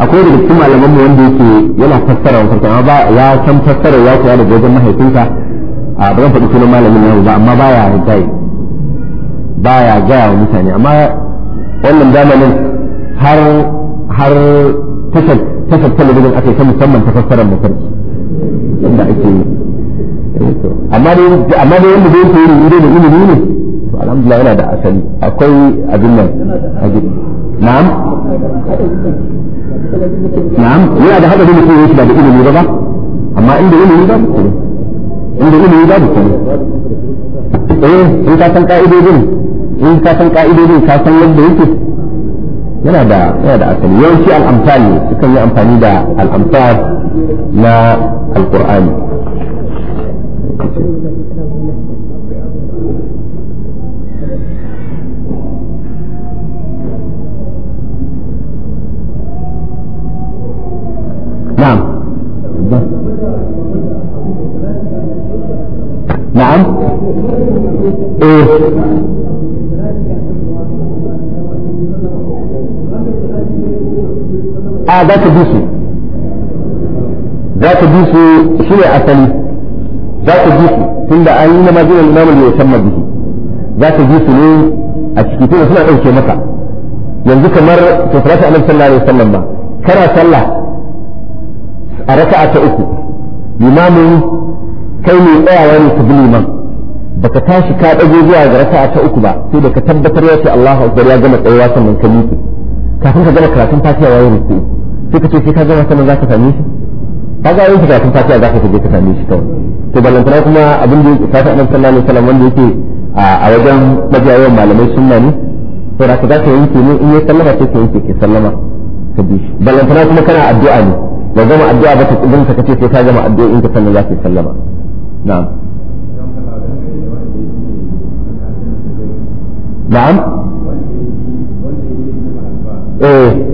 akwai daga cikin malaman mu wanda yake yana fassara farko amma ba ya san fassara ya kuwa daga wajen mahaifinsa a ba zan faɗi sunan malamin namu ba amma baya gai baya gaya wa mutane amma wannan zamanin har har tashar tashar talabijin aka yi ta musamman ta fassarar mafarki inda ake yi eh, amma da yadda zai yi rubutu da ilimi ne to alhamdulillah yana da asali akwai abin nan na'am na'am yana da hadari mutum yake da ilimi ba ba amma inda ilimi ba inda ilimi ba eh in ka san ka'idodin in ka san ka'idodin ka san yadda yake yana da yana da asali yawanci al'amfal ne sukan yi amfani da al'amfal na alkur'ani نعم نعم ايه a za ka bi su za ka bi su shi ne asali za ka bi su tunda an yi na wal imamu da ya samma bihi za ka bi su ne a ciki tunda suna ɗauke maka yanzu kamar tafirata annabi sallallahu alaihi wasallam ba kana sallah a raka'a ta uku limamin kai ne tsayawa ne ka bi liman baka tashi ka ɗago zuwa ga raka'a ta uku ba sai da ka tabbatar ya ce Allahu akbar ya gama tsayawa sannan ka mutu kafin ka gama karatun fatiha yayin ruku'u sai ka ce sai ka gama sama za ka same shi ka ga yin karatun fatiya za ka je ka same shi kawai to ballantana kuma abin da ya fata annabi sallallahu alaihi wasallam wanda yake a wajen majiyayen malamai sunna ne to da ka za ka yanke ne in ya sallama sai ka yanke ke sallama ka bi shi ballantana kuma kana addu'a ne ba gama addu'a ba ta tsibin ka ce sai ka gama addu'o'in ka sannan za ka sallama na'am na'am eh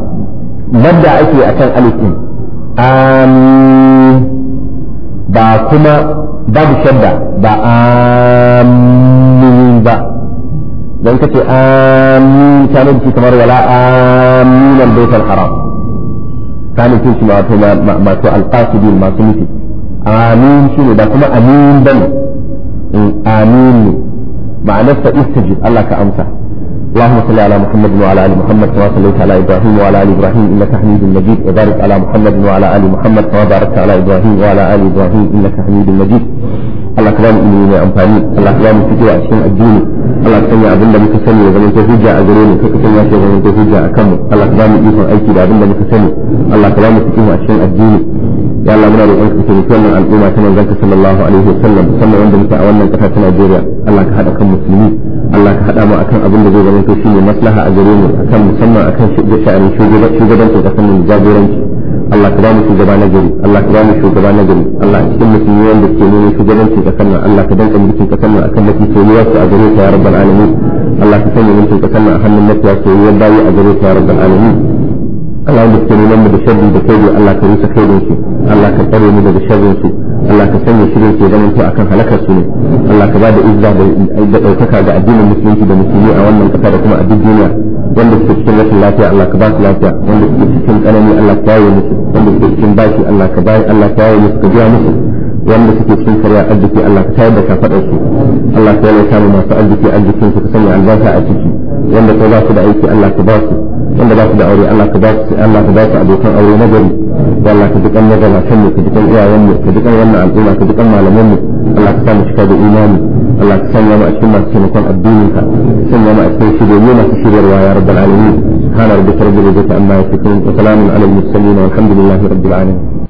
madda ake a kan alifin amin ba kuma babu shadda ba amin ba don kace amin kana ji kamar wala amin al-bayt al-haram kana ji shi wato ma to al-qasidin ma nufi amin shi ne ba kuma amin bane eh, amin ta istajib Allah ka amsa اللهم صل على محمد وعلى ال محمد كما صليت على ابراهيم وعلى ال ابراهيم انك حميد مجيد وبارك على محمد وعلى ال محمد كما باركت على ابراهيم وعلى ال ابراهيم انك حميد مجيد Allah ka ba mu ilimi mai amfani Allah ka ba mu fikira a cikin addini Allah ka sanya abin da muka sani ya zama ta hujja a gare mu kai ka sanya shi ya zama ta hujja a kanmu Allah ka ba mu ikon aiki da abin da muka sani Allah ka ba mu fikira a cikin addini ya Allah muna roƙon ka taimaki wannan al'umma ta manzon ka sallallahu alaihi wasallam musamman wanda muke a wannan ƙasa ta Najeriya Allah ka haɗa kan musulmi Allah ka haɗa mu akan abin da zai zama to shine maslaha a gare mu akan musamman akan sha'anin shugabancin ƙasar mu jagoranci Allah ka ba shugaba na gari Allah ka ba shugaba na gari Allah cikin musulmi wanda ke neman shugabanci kasar nan Allah ka danka mulkin ka nan akan mafi soyuwar su a gare ka ya rabbal alamin Allah ka sanya mulkin ka nan a hannun mafiya soyuwar bayi a gare ka ya rabbal alamin Allah da ke neman mu da sharri da kai Allah ka rusa kai su Allah ka tsare mu daga sharrin su Allah ka sanya shirin su zaman to akan halakar su ne Allah ka bada izza da daukaka ga addinin musulunci da musulmi a wannan kasa da kuma a duk duniya wanda suke cikin rashin lafiya Allah ka ba su lafiya wanda suke cikin tsanani Allah ka yi musu wanda suke cikin baki Allah ka bai Allah ka yi musu ka biya musu wanda suke cikin karya arziki Allah ka tayar da kafadar su Allah ka yana kama masu arziki arzikin su ka sanya albarka a ciki wanda ko za su da aiki Allah ka ba su wanda ba su da aure Allah ka ba su Allah ka ba su abokan aure na gari Allah ka dukan kan mu ka dukan iyayen mu ka dukan wannan al'umma ka dukan malaman mu Allah ka sa mu cika da imani Allah ka sanya mu a cikin masu taimakon addinin ka sanya mu a cikin shirye masu shiryarwa ya rabbal alamin kana rabbika rabbil izzati amma yasifun wa salamun alal mursalin walhamdulillahi rabbil alamin